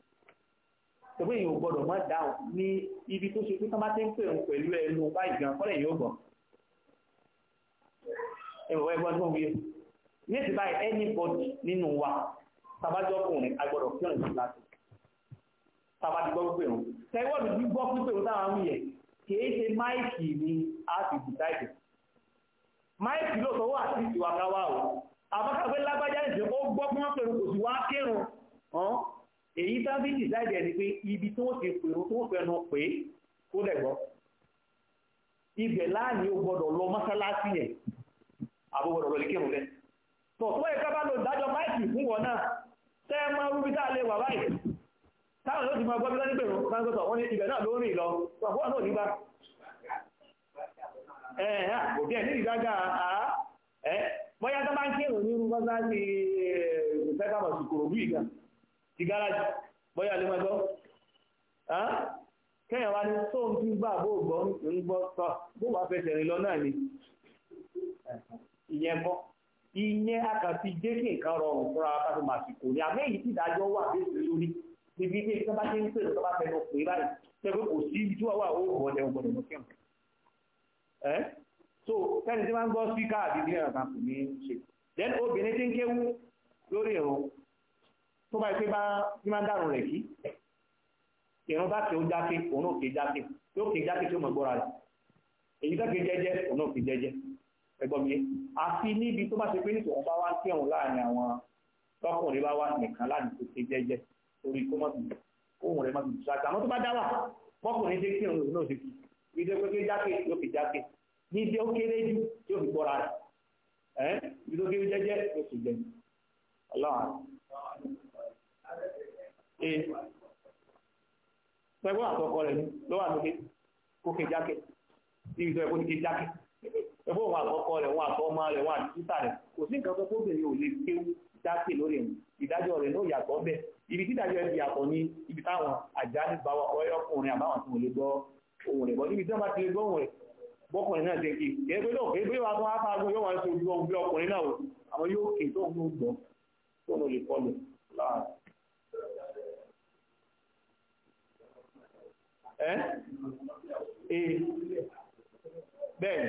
tẹ̀wé èèyàn ò gbọ́dọ̀ má dáhùn ní ibi tó ẹ̀wọ̀ ẹgbọ́n tó ń wí ní ìsìn báyìí anybody nínú wa tabajọ́ kùnrin agbọ́dọ̀ kí ọ̀rìn láti tabajọ́ gbọ́ pípé òun tẹ́wọ́ mi gbọ́ pípé òun táwọn wí yẹ kìí ṣe máìkì ni a ti dìtáìdì máìkì ló sọwọ́ àti ìwà káwà o àbákàgbé lágbájá ìṣẹ́ ó gbọ́ fún wọn pẹ̀lú kò sí wá kírun hàn èyí tá bí dìtáìdì ẹni pé ibi tó ti pèrò tó fẹnu pé kó dẹ̀gbọ́ ibẹ̀ láàyè ó gbọ́dọ̀ lọ mọ́sálásí yẹn àbúgbọ̀dọ̀ lọ ìkírùn rẹ̀ tó tó ẹ̀ká bá lò dájọ́ máìkì fún wọn náà tẹ́ ẹ máa rúbí táà lè wà báyìí táwọn yóò ti máa gbọ́ bí lọ́ní pẹ̀lú sáńgọ́tọ̀ wọ́n ní ibẹ̀ náà ló rìn lọ wọ́n náà nígbà ẹ̀ẹ́ òbí ẹ̀ ní ìdájá àá ẹ́ bọ́yá tó bá ń kírùn ní irú mọ́sáàsì ìfẹ́kàmọ̀ eh, sùkòrò bí ìgbà ti gáràjì bọ́yá lè mọ́ ẹgbọ́ kẹ́yàn wá ní tó ń gbà bó gbọ́ ń gbọ́ sọ bó wà fẹsẹ̀ rìn lọ náà ni ìyẹn kọ́ ìyẹn a kàn fi jẹ́ kí nǹkan rọrùn fúnra wa káfí màsì kò ní àmọ́ èyí tí ìdájọ́ wà lóṣù lórí níbi ilé ìjọba ṣe ń pè lọ́tọ́ bá fẹnu pè báyìí ṣe kò sí ibi tí wọ́n wà ó gbọ́dẹ̀ gbọ́dẹ̀ lọ kẹ́hìn ẹ́ so fẹ́ni tí wọ́n ń gbọ́ síkà àbí ilé ẹ̀rọ kan kò ní ṣe then obìnrin tí ń kéwú lórí ìrun tó bá yẹ pé bá tí máa ń dàrú rẹ̀ kí ìrun bá kéwú jáde òun ò ké jáde yóò ké jáde tí ó mọ̀ gbọ́ra rẹ̀ èyí tó ké jẹ́jẹ́ òun ò ké jẹ́jẹ́ ẹgbọ́n mi àfi níbi tó bá ṣe pé nítorí wọn bá wá sí ẹ̀wọ̀n láàrin àwọn tọkùnrin bá wà nìkan láti tó ṣe jẹ́jẹ́ torí kó mọ̀ tìǹbù ohun rẹ̀ mọ̀ tìǹbù ṣáàtì àmọ́ tó bá dá wà fọkùnrin dé kí òun náà ṣe kí ìdí ó kékeré jáde yóò fi jáde ní ìdí ó kéré jù yóò fi bọ́ra rẹ̀ ẹ́ ìdí ó kéré jẹ́jẹ́ yóò sì jẹ́ ọlọ́run. ee pẹ̀lú àtọkọ rẹ̀ ló wà lókè kókè jáde ibi tó yẹ kó jáde ẹgbẹ́ òun àkọ́kọ́ rẹ̀ òun àtọ́mọ́ rẹ̀ òun àti títà rẹ̀ kò sí nǹkan tó kóbìnrin ò lè kéwú dákè lórí ìdájọ́ rẹ̀ ló yàtọ̀ bẹ́ẹ̀ ibi tídájọ́ ẹbí yàtọ̀ ní ibi táwọn àjáde bá ọkùnrin àbáwọn tí wọ́n lè gbọ́ ohun rẹ̀ bọ́ níbi tí wọ́n bá ti lè gbọ́ ohun rẹ̀ bọ́kùnrin náà ṣe kí ẹgbẹ́ náà ẹgbẹ́ wa bẹ́ẹ̀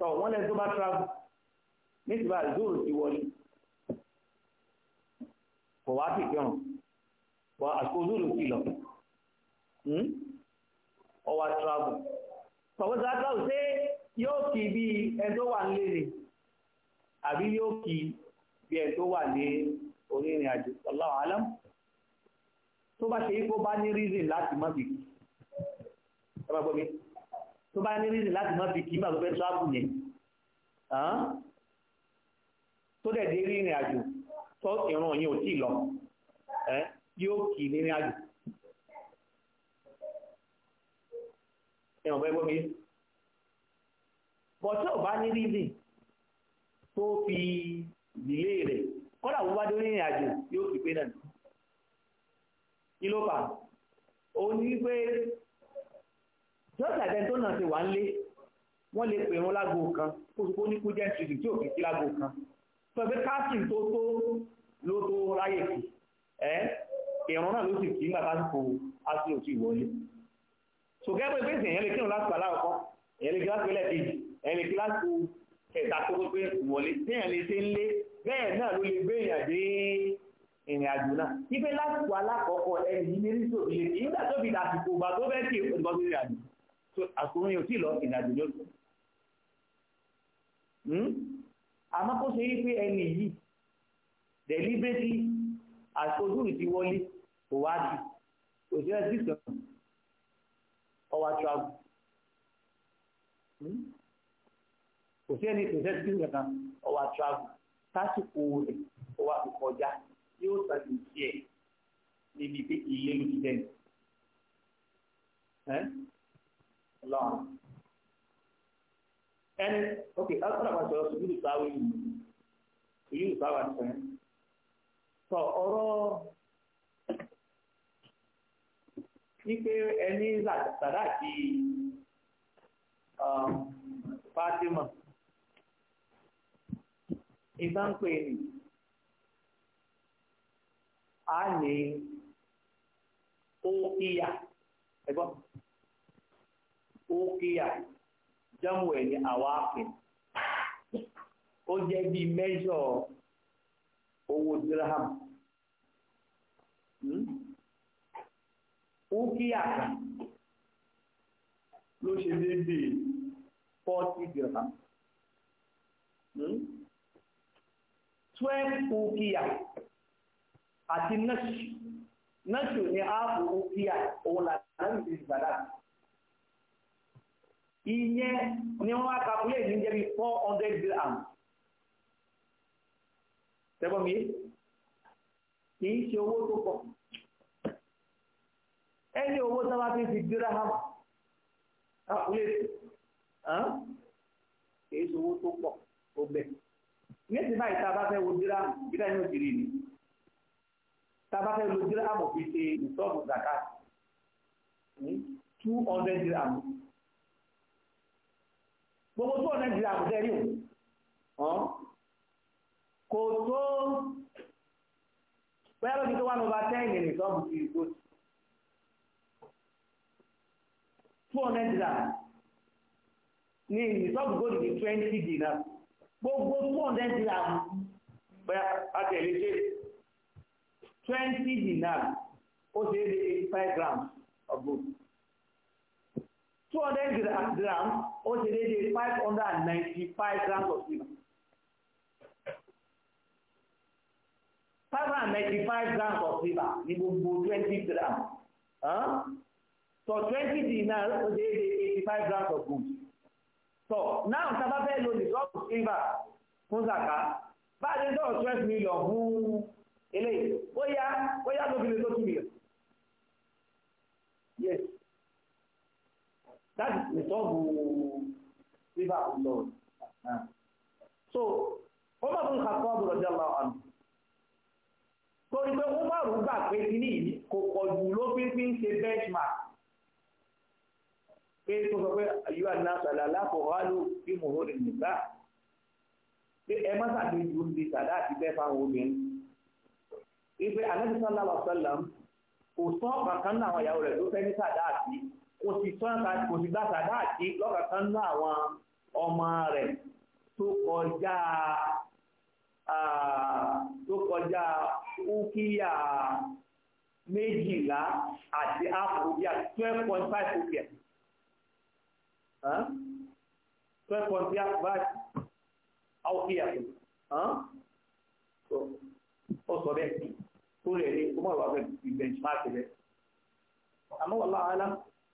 tọ̀ wọ́n lẹ́nu tó bá travel ní ti bá zoro ti wọlé kò wá sì kírun wà àsìkò zoro ti lọ ọwà hmm? travel pọ̀pọ̀ tó bá travel ṣé yóò kí bí ẹni tó wà nílé ni àbí yóò kí bí ẹni tó wà ní onírìn àjò Allahu alam tó bá ṣe yí bá ní reason láti mọ́ sí ẹ bá gbọ́ mi tó bá ní rírì láti má fi kí bá gbogbo ẹ̀ṣọ́ àbù yẹn tó dẹ̀ dé rírìn àjò tó ìran yẹn ò tí lọ yóò kì í rírìn àjò ẹ̀wọ̀n bẹ́ẹ̀ gbọ́ mi bọ̀ tí ò bá ní rírì tó fi ìdílé rẹ̀ kọ́dà bó bá dé rírìn àjò yóò kì í pé náà kí ló fà ó ní pé jọ́sì àtẹ́ntó náà ti wà ń lé wọ́n lè pè wọn lágbo kan kó sọ pé ó ní kó jẹ́ ìtìjú tí ò fi sí lágbo kan sọ pé káàsìn tó tó ló tó ráyè kì ẹ́ ìrún náà ló sì kì í gbà lásìkò àti òtún ìwọlé ṣògẹ́ pé bí èèyàn lè kírun lásìkò aláwọ̀kọ́ èèyàn lè kí lásìkò ẹlẹ́ẹ̀kejì èèyàn lè kí lásìkò kẹta tó tó pé ìwọlé téèyàn lè ṣe ń lé bẹ́ẹ̀ náà ló lè gbé èèyàn dé ìrìn àjò náà ibẹ̀ lásìkò alákọ̀ọ́kọ́ ẹni ní rí sòfin lè kí nígbà tó fi dàsìkò ìgbà tó fẹ́ kí ìgbà tó fi rìn àjò àkùnrin ò tí lọ ìrìnàjò lóṣù hmm? àmọ́ kó ṣe wípé ẹni yìí deliberately àṣojú ìti wọlé kò wá di òṣèré sísọ ọwà travel hmm? kò sí ẹni òṣèré sísọ kan ọwà travel tásìkò rẹ̀ ọwà tó kọjá yóò tàbí tiẹ̀ níbi pé ilé ló ti dẹ́nu long ẹni ok ọ̀sán àpàṣẹ ọ̀sùn yìí sáwé yìí yìí sáwé àṣẹ sọ ọ̀rọ̀ wípé ẹni sàdáàkì um, Fatima ìbánpẹ̀ ni a ní ó ìyà ẹgbọ́n. ókíyà jámù ẹ̀ ní àwáàfin ó jẹ́ owó dirham ókíyà hmm? ló ṣe m forty dirham hmm? twelve ókíyà àti nọ́ọ̀ṣì nọ́ọ̀ṣì bụ áàpù ókíyà òun làtàrí ìgbàlá. ìyẹn ni wọ́n á calculate ní jẹ́ bí four hundred grams tẹ́gbọ́n mi kì í ṣe owó tó pọ̀ ẹni owó tó bá fi fi dirham calculate kì í ṣe owó tó pọ̀ tó bẹ̀ nítorí báyìí tá a bá fẹ́ wo dirham dirham yóò kiri ni tá fẹ́ lo dirham fi ṣe ìtọ́nù zakat hmm, two hundred dirham. gbogbo tó ọ̀nà ìdílé àbùdẹ́ rí òun kò tó bẹ́ẹ̀ lójú tó wà ní ọba tẹ́yìn ní ìtọ́mù ti ìgbó tó ọ̀nà ìdílé ní ìtọ́mù góòlù ní 20 gbogbo tó ọ̀nà ìdílé àtẹ̀lé ṣe ó ṣe é lé grams of gold. 200 grams ó ṣe déédéé 595 grams of silver 595 grams of silver ní gbogbo 20 grams huh? so 20 dinars ó ṣe déédéé 85 grams of gold so now sábà fẹ́ lo the drop of silver fún zaka bá a ṣe sọ̀rọ̀ 12 million fún eléyìí bóyá bóyá ló fi lè tó 2 million yes that is the talk river of lord ah. so Umar bin Khattab radiyallahu anhu torí pé Umar gbà pé kíní yìí kò pọ̀ jù ló fi fi ń ṣe benchmark pé tó sọ pé ayé àdínásàlá láfọwọ́lù bí mòhó rẹ̀ nígbà pé ẹ má ṣàgbéjú ti sàdá àti bẹ́ẹ̀ fáwọn obìnrin ìpè àlẹ́ bí sọ́lá wà sọ́lá kò sọ́ bàkan náà àwọn ìyàwó rẹ̀ tó fẹ́ ní sàdá àti kò sì gbá sàdá àti lọ́kàkan ní àwọn ọmọ rẹ̀ tó kọjá tó kọjá ókíyà méjìlá àti áfòrúbíà 12.5 ókíyà 12.5 ókíyà ó sọ bẹ́ẹ̀ tó rẹ̀ ní ọmọ ìwà bẹ́ẹ̀ benchmark rẹ̀ àmọ́ wà láàárá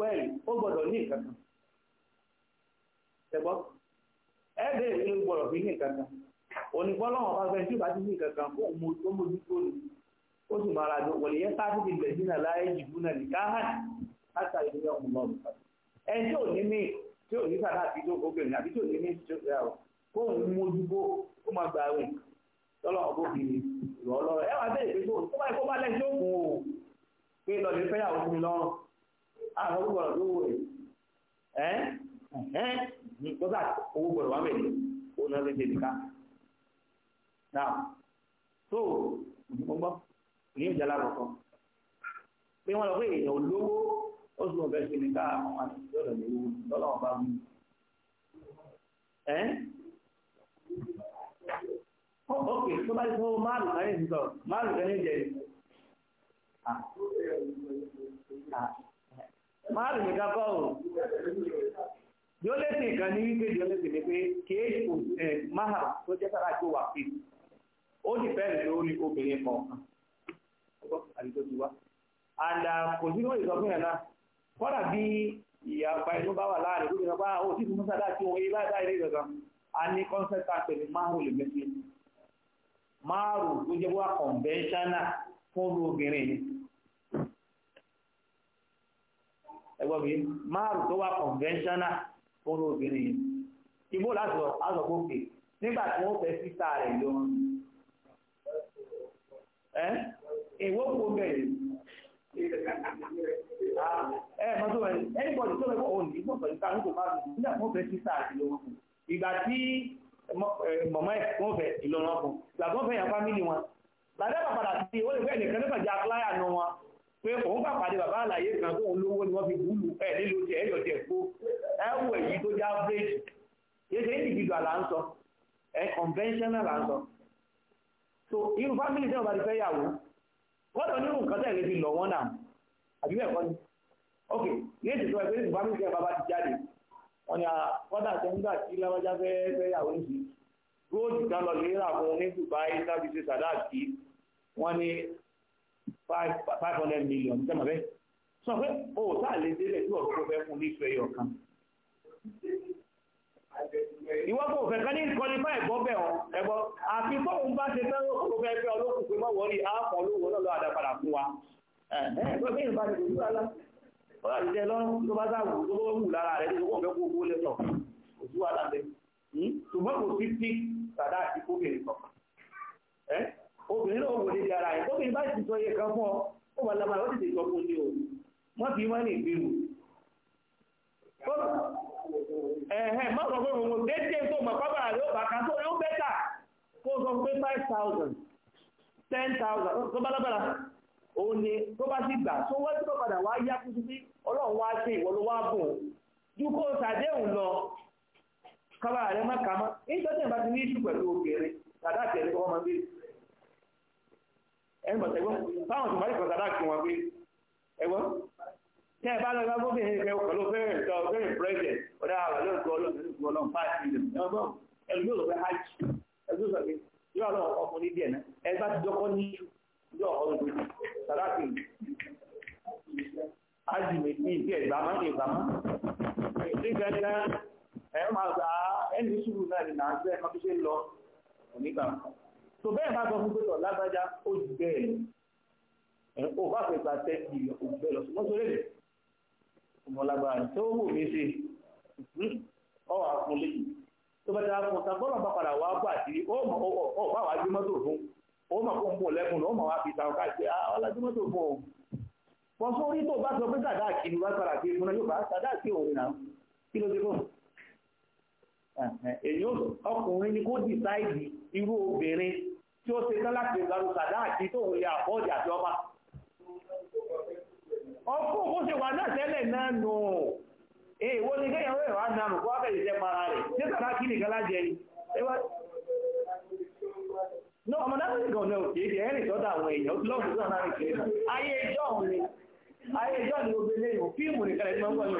wẹ́ẹ̀lì ó gbọ́dọ̀ ní nǹkan kan ṣẹgbọ́ ẹ̀ẹ́dẹ̀ ìlú gbọ́dọ̀ fi ní nǹkan kan onígbọ́lọ́wọ́ bá fẹ́ tí ó bá ti ní nǹkan kan fún omojú tó ní ó sì máa rajọ wọ̀lẹ̀ yẹn sáà títí ilẹ̀ sínú láyé jìbú náà nìkáhàn láta ìlú ọmọ ọmọ ọmọ ẹni tí ò ní ní tí ò ní sàdá àti tó obìnrin àbí tí ò ní ní tí fẹ́ ọ kó òun mójú bó kó máa gba àwìn tọ́lọ́wọ́ bó fi rọ̀ lọ́rọ̀ ẹ wá bẹ́ẹ̀ pé tó bá kó bá lẹ́sí òkun o pé lọ́ọ̀lẹ́ fẹ́yàwó sí mi lọ́rùn àwọn gbọ́dọ̀ tó wò ẹ̀ ẹ́ gbọ́dọ̀ owó gbọ́dọ̀ wà mẹ́rin òun náà fẹ́ẹ́ ṣèlú ká. now so mo gbọ́ ní ìjà lákọ̀ọ́kọ́ pé wọ́n lọ pé èèyàn olówó ó sì mọ̀ bẹ́ẹ̀ ṣe ní ká àwọn àtijọ́ rẹ̀ lówó lọ́lọ́wọ́ bá wù ẹ́ ok tó bá ti fún márùn kan ní ìsìnkọ márùn kan ní máa rìn nìkan kọ́ ò yóò lè sìn kan ní wípé yóò lè sìn ní pé kéèkì máa tó jẹ́ sára tó wà pé ó sì bẹ̀rẹ̀ lórí obìnrin kọ̀ọ̀kan àdìgbò ti wá àdà uh, kò sí lórí ìsọfún yẹn náà kọ́dà bí ìyàpá inú bá wà láàrin lórí ìsọfún àwọn òsì fún sádà tí wọ́n yé bá dá ilé ìsọ̀kan a ní kọ́nsẹ́tà pẹ̀lú márùn lè mẹ́sì márùn tó jẹ́ wá kọ̀ǹvẹ́ńṣánà fún obìnrin yìí ẹgbọ́n mi márùn tó wà conventional fún obìnrin yìí ìbò láti ọ̀sọ̀ gòkè nígbà tí wọ́n fẹ́ sísá rẹ̀ lọ ẹ́ ìwó kò bẹ̀rẹ̀ ẹ mọ tó bẹ̀rẹ̀ anybody tó bẹ̀rẹ̀ òun ní ìgbọ̀nsọ̀ nípa nípa márùn nígbà tí wọ́n fẹ́ sísá rẹ̀ lọ ìgbà tí mọ̀mọ́ ẹ̀ wọ́n fẹ́ ìlọ́nà ọkùn ìgbà tí wọ́n fẹ́ yàn fámìlì wọn bàbá bàbá dà sí ó lè fẹ́ ẹnìkan nígbà jẹ́ pé òun bá pàdé bàbá àlàyé kan tó ń lówó ni wọ́n fi búlù ẹ̀ nílò jẹ́ ẹ̀yọ̀ jẹ́ kó ẹ̀wọ̀ èyí tó já bréjì yéṣe individual là ń sọ ẹ̀ conventional là ń sọ so irú family tẹ́wọ̀n bá ti fẹ́ yàwó kọ́dọ̀ nínú nǹkan tẹ̀lé fi lọ wọ́n náà àbí bẹ́ẹ̀ kọ́ ni ok yéṣe tó ẹgbẹ́ irú family tẹ́wọ̀n bá ti jáde wọ́n ni kọ́dà tó ń gbà sí lábájá fẹ́ fẹ́ yàwó ní sí góòdù kan lọ lè rà fún ní Dubai sábìsì sàdáàkì wọ́n ni five hundred million jẹ́ màbẹ́ sọ pé o sáà lè délẹ̀ tí ọ̀gbọ́n fẹ́ fún ní ìfẹ́ yọ̀ kan ìwọ kò fẹ́ kán ní kọlífà ẹ̀gbọ́ bẹ̀ ọ́ ẹ̀gbọ́ àfi fóun bá ṣe fẹ́ ó fẹ́ fẹ́ ọlọ́kùn pé mọ́ wọ́n rí àápọ̀ olówó náà lọ́wọ́ àdápadà fún wa ẹ̀ẹ́dẹ́gbẹ́ bí ìbá ṣe lójú àlá ó yà jẹ́ lọ́rùn tó bá sáwù tó bá wù lára rẹ̀ tó wọ́n fẹ́ kó owó lẹ́tọ̀ òjú wa lábẹ́ ṣùgbọ́n kò sí sí sàdá àti kóbìnrin kọ̀ọ̀kan obìnrin náà wò dédé ara ẹ̀ bá ti sọ iye kan fún ọ ó wà lámà ó tètè sọ fún ní o wọ́n fi wọ́n ní ìgbìmù ẹ̀hẹ́n má sọ fún òun tó mọ̀ pápá rẹ̀ ó bàkà tó yóò five thousand ten thousand tó bá òun ni tó bá sì gbà tó wọ́n padà wá yá kú ọlọ́run wá sí ìwọ ló wá ju kó sàdéhùn lọ má kà ẹgbọ́n tẹ́gbọ́n báwọn tó bá rí kọ̀ọ̀tà dáàkì wọn pé ẹgbọ́n tẹ́ ẹ bá lọ bá bóbi ẹ̀fẹ́ pẹ̀lú fẹ́rẹ̀ tọ́ fẹ́rẹ̀ pẹ́rẹ́jẹ̀ ọ̀dà àwọn olóògùn olóògùn ọlọ́run fáàtì ilẹ̀ ẹgbọ́n ẹ̀lú yóò lọ fẹ́ hajj ẹgbọ́n sọ pé yóò lọ ọkùnrin ní díẹ̀ náà ẹ bá ti dọ́kọ́ ní yóò ọ̀rọ̀ ìgbè sàdáàkì hajj mi ní ìdí tó bẹ́ẹ̀ bá sọ fún pé tọ̀ lágbájá ó jù bẹ́ẹ̀ lọ ó bá fẹ́ gba ten million lọ ṣùgbọ́n sórí rẹ̀ ọmọ lágbára tó mí ṣe hmm? ọwọ́ tó bá fún ọ wọ́n fún orí ah, tó tí ó ṣe tán láti ìgbàlù sàdá àti tó ń lè àpọ́ọ̀dì àti ọba. ọkọ̀ kó ṣe wà náà tẹ́lẹ̀ náà nù èèwọ̀ ni kéèyàn rẹ̀ wá náà nù kó wá bẹ̀rẹ̀ jẹ́ para rẹ̀ tí sàdá kí nìkan lájẹ ni. náà ọmọdé àti ìgbọ̀n náà kì í ṣe ẹ̀rìn sọ́dọ̀ àwọn èèyàn ó ti lọ́ọ̀dún ayé ìjọ́ ni gbogbo ilé ìwò fíìmù nìkan ẹ̀sìn mọ́gbọ́n lò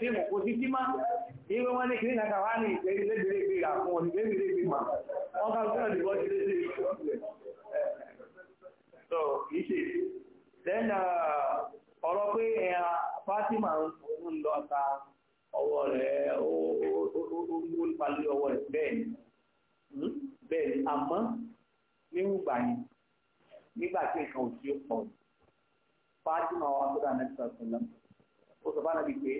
fíìmù kò sí sí máa ìwé wọn ní kìnnìkan kàwá ní ìgbẹ́gbẹ́gbẹ́ ìgbé ìrà fún ọdún gbẹ́gbẹ́gbẹ́ ìgbé mà wọ́n ká gbọ́dọ̀ so kìí then uh, ọ̀rọ̀ pé ẹ̀yà Fatima ń lọ ta ọwọ́ rẹ̀ ó ń palẹ̀ ọwọ́ rẹ̀ bẹ́ẹ̀ hmm? bẹ́ẹ̀ àmọ́ níwùgbà yìí nígbà tí nǹkan ò sí pọ̀ Fátímà wa tó dá ànábì sọ̀rọ̀ sọ̀rọ̀ ó sọ fún ànábì pé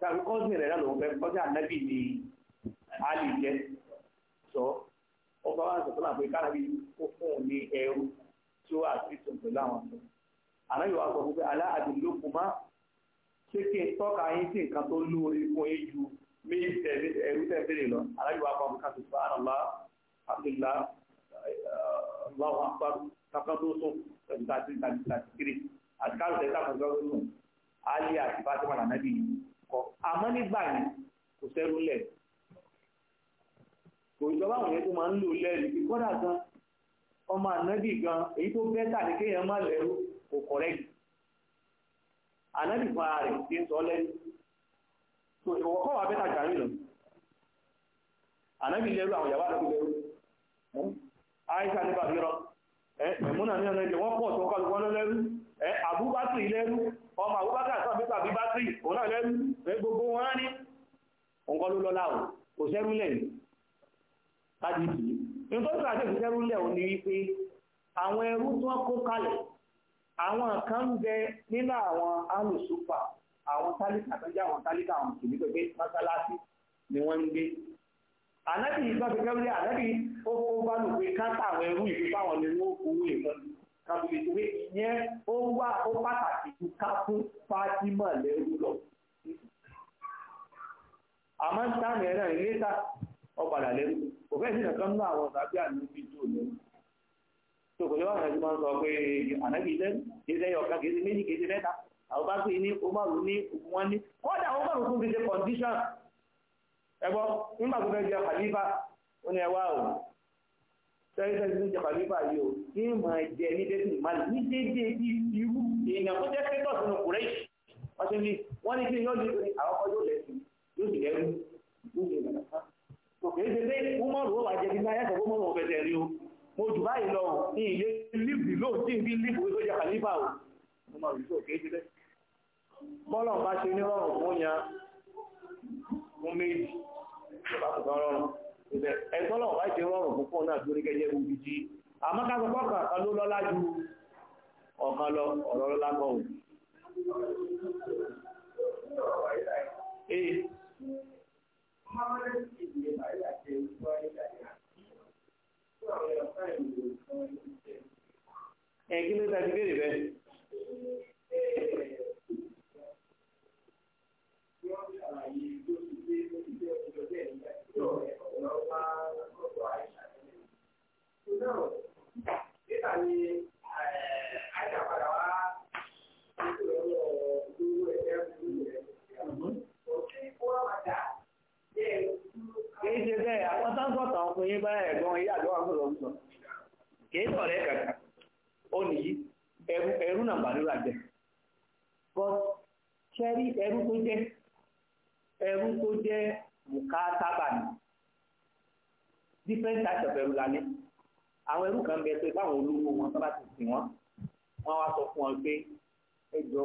káàkiri kọ́sìn rẹ̀ náà lòun kọ́sìn ànábì ni Alì jẹ́ sọ ó bá wà sọ̀tọ́ náà pé káàkiri ó fún un ní ẹrú tí ó wà sí ìtàn pẹ̀lú àwọn sọ ànábì wa sọ fún pé alá àdìlókun má ṣé kí n tọ́ka yín sí nǹkan tó lóore fún yín ju méjì ẹrú tẹ̀lé lọ ànábì wa kọ́ fún káàkiri sọ àràlá àbdùlá àtikárò tẹ́tà fún gọ́ọ̀tún alẹ́ àti fatima lànàbí kọ àmọ́ nígbà yẹn kò sẹ́rú lẹ̀ kò ìjọba àwọn tó máa ń lò lẹ́rìí bí kọ́dà gan ọmọ ànábì gan èyí tó bẹ́tà ní kéèyàn má kò ànábì fún ara rẹ̀ ti ń sọ bẹ́tà lọ ànábì lẹ́rú àwọn ìyàwó àdókò lẹ́rú àìsàn nípa mìíràn wọ́n àbúbátì lẹ́rú ọmọ àbúbátì àti ọmọ àbúbátì òun náà lẹ́rú pé gbogbo wọn ní nǹkan ló lọ́la o kò sẹ́rú lẹ̀ ní káàdì ìdí nítorí tó àti ìsẹ́rú lẹ̀ ò ní wípé àwọn ẹrú tí wọ́n kó kalẹ̀ àwọn kan ń bẹ nínú ni wọ́n ń gbé ànábì ìgbà pẹ̀lú ànábì ó kó bá lù pé káńtà àwọn ẹrú ìfipá àwọn ni wọ́n kó wé tàbí ìwé ìyẹn ó wà ó pàtàkì ju ká fún Fátímà lẹ́rú lọ. àmọ́ táàmì ẹ̀rọ ìlétà ọ̀padà lẹ́rú kò fẹ́ẹ̀ sínú kan nínú àwọn tàbí àlùbí tó lẹ́rú. tó kò lọ́wọ́ àwọn ẹ̀jú máa ń sọ pé ànábì lẹ́rú kì í sẹ́yìn ọ̀kan kì í ṣe méjì kì í ṣe mẹ́ta àwọn bá pè ní omaru ní wọn ní kọ́dà omaru tún fi ṣe condition ẹ̀gbọ́n nígbà tó fẹ́ jẹ́ kàlífà ó ní ẹwà òun sẹ́yìnlẹ́ ìlú ìjọba nípa yìí o ní mọ̀ ẹ̀jẹ̀ ní dẹ́sìn ìmọ̀ ní déédéé bí irú èèyàn tó jẹ́ kétọ̀ sínú kùrẹ́ yìí wọ́n ti ní wọ́n ní kí ni yóò di pé àwọn ọkọ̀ yóò lẹ́sìn yóò sì lẹ́rú yóò sì lẹ́rú òkè ṣe pé wúmọ̀rù wà jẹ́ nígbà ayẹ́sọ̀ wúmọ̀rù wọn fẹsẹ̀ rí o mo jù báyìí lọ ní ilé lífì lóò tí o wúmọ̀rù tó kéé sílẹ̀ bọ́lọ̀ bá ṣe ní rọrùn fún yan fún méjì ẹ̀tọ́lọ̀ wá ti rọrùn púpọ̀ náà tó rí gẹ́gẹ́ ibi tí àmọ́kásọpọ̀ kan ló lọ́lá ju ọ̀kan lọ ọ̀rọ̀ lọ́lá kọ́ ò ẹ̀kí ló tàbí bèèrè bẹ́ẹ̀ Thank you. ṣe bẹ́ẹ̀ àwọn tábọ̀tà ọkùnrin bá ẹ̀gbọ́n ẹrú tó jẹ́ bùkátà bàní different types of ẹrù lálẹ́ àwọn ẹrù kan bẹ pé báwọn olówó wọn tó bá ti sìn wọn wọn wá sọ fún ọ pé ẹ jọ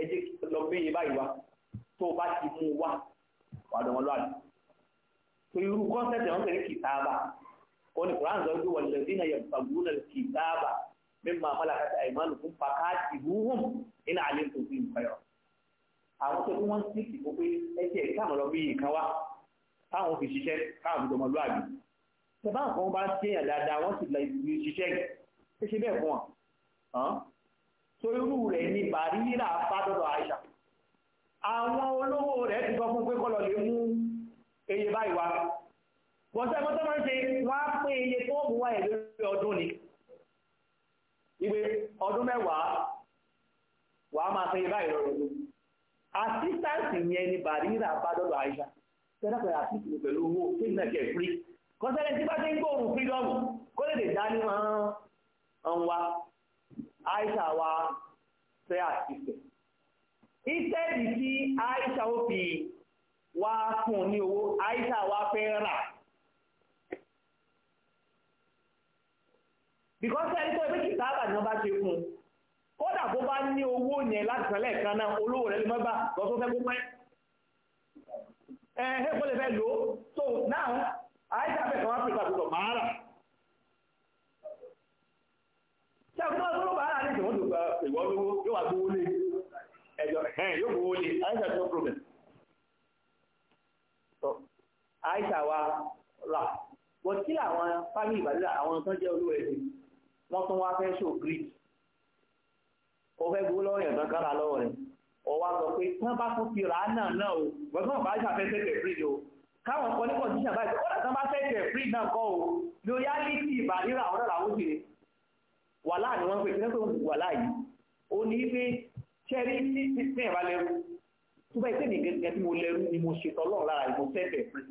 ẹ jẹ́ lọ gbéye báyìí wá tó o bá ti mú wá wàdàn wọn lọ́àdì tó irú kọ́nsẹ̀tì wọn pẹ̀lú kìtàbà wọn ni kùrán zọ pé wọn lè dín ẹyẹ gbàgbọ́n náà kìtàbà mímọ àmàlàkàtà àìmánu fún pàkáàtì wúhùn nínú àlẹ́ tó fi nǹkan yọ àwọn tó fi wọn sí ìkó pé ẹ jẹ́ ìkàmọ̀lọ́ bí nǹkan wá táwọn fi ṣiṣẹ́ káàmù tó ọmọlúwàbí tẹ́bá nǹkan bá ṣéyàn dáadáa wọ́n sì lè ṣiṣẹ́ ṣe ṣe bẹ́ẹ̀ fún wọn so irú rẹ̀ ní bàríra fádọ́dọ̀ àìṣà àwọn olówó rẹ̀ ti sọ fún pé kọ́lọ̀ lè mú eye báyìí wá bọ́sẹ̀ ẹgbẹ́ tó máa ń ṣe wọ́n á pé iye tó wọ́n mú wáyé lórí ọdún ni ìwé ọdún mẹ́wàá wàá máa ṣe iye báyìí lọ́rọ̀ assistance yẹn ni bàríra fádọ́dọ̀ àìṣà tẹ́lẹ̀pẹ̀ àtìkù pẹ̀lú owó tí ìlẹ̀ kẹ̀ fírí kọ́sẹ́lẹ̀ tí bá ti ń gbóòrùn fídọ́mù kó lè dání ọ̀n wa Aisha wa fẹ́ àtìkù ìtẹ́ẹ̀dì tí Aisha ó fi wá fún ní owó Aisha wa fẹ́ rà because ẹni tó ẹgbẹ́ kìtàbà ni wọ́n bá ṣe fún kódà kó bá ní owó yẹn láti sàn lẹ́ẹ̀kan náà olówó rẹ̀ lè mọ́ gbà lọ́sọ́fẹ́ kó pẹ́ ẹ̀hẹ́ eh, kó lè fẹ́ lò ó so now àìsàn bẹ̀rẹ̀ wọn pèsè àkókò màárà ṣe àkókò tó ló màárà ní ìṣòwò tó gba ìwọ lówó yóò wá gbówó lé ẹjọ ẹ yóò gbówó lé àìsàn tó problem so àìsàn wa rà bọ̀ kí làwọn fámìlì ìbàdàn àwọn tó ń jẹ́ olówó ẹ̀sìn wọ́n tún wá fẹ́ ṣó grid ó fẹ́ gbówó lọ́wọ́ yẹn kankan rà lọ́wọ́ rẹ̀ ọwá sọ pé tán bá tún fi rà á náà náà o gbọ́dọ̀ bá ṣàfẹ́ tẹ̀tẹ̀ free ni o káwọn kan ní condition báyìí kọ́dà tán bá tẹ̀tẹ̀ free náà kọ́ o loyalty ìbàdíra ọ̀rọ̀ làwọn ò ṣe wàhálà ni wọ́n pè kí wọ́n pè wàhálà yìí ó ní pé ṣẹ́rí ní sísìn ìbá lẹ́rú tó bá ìṣẹ́ nìkan tí mo lẹ́rú ni mo ṣe tọ́lọ́ lára ìmọ̀ tẹ̀tẹ̀ free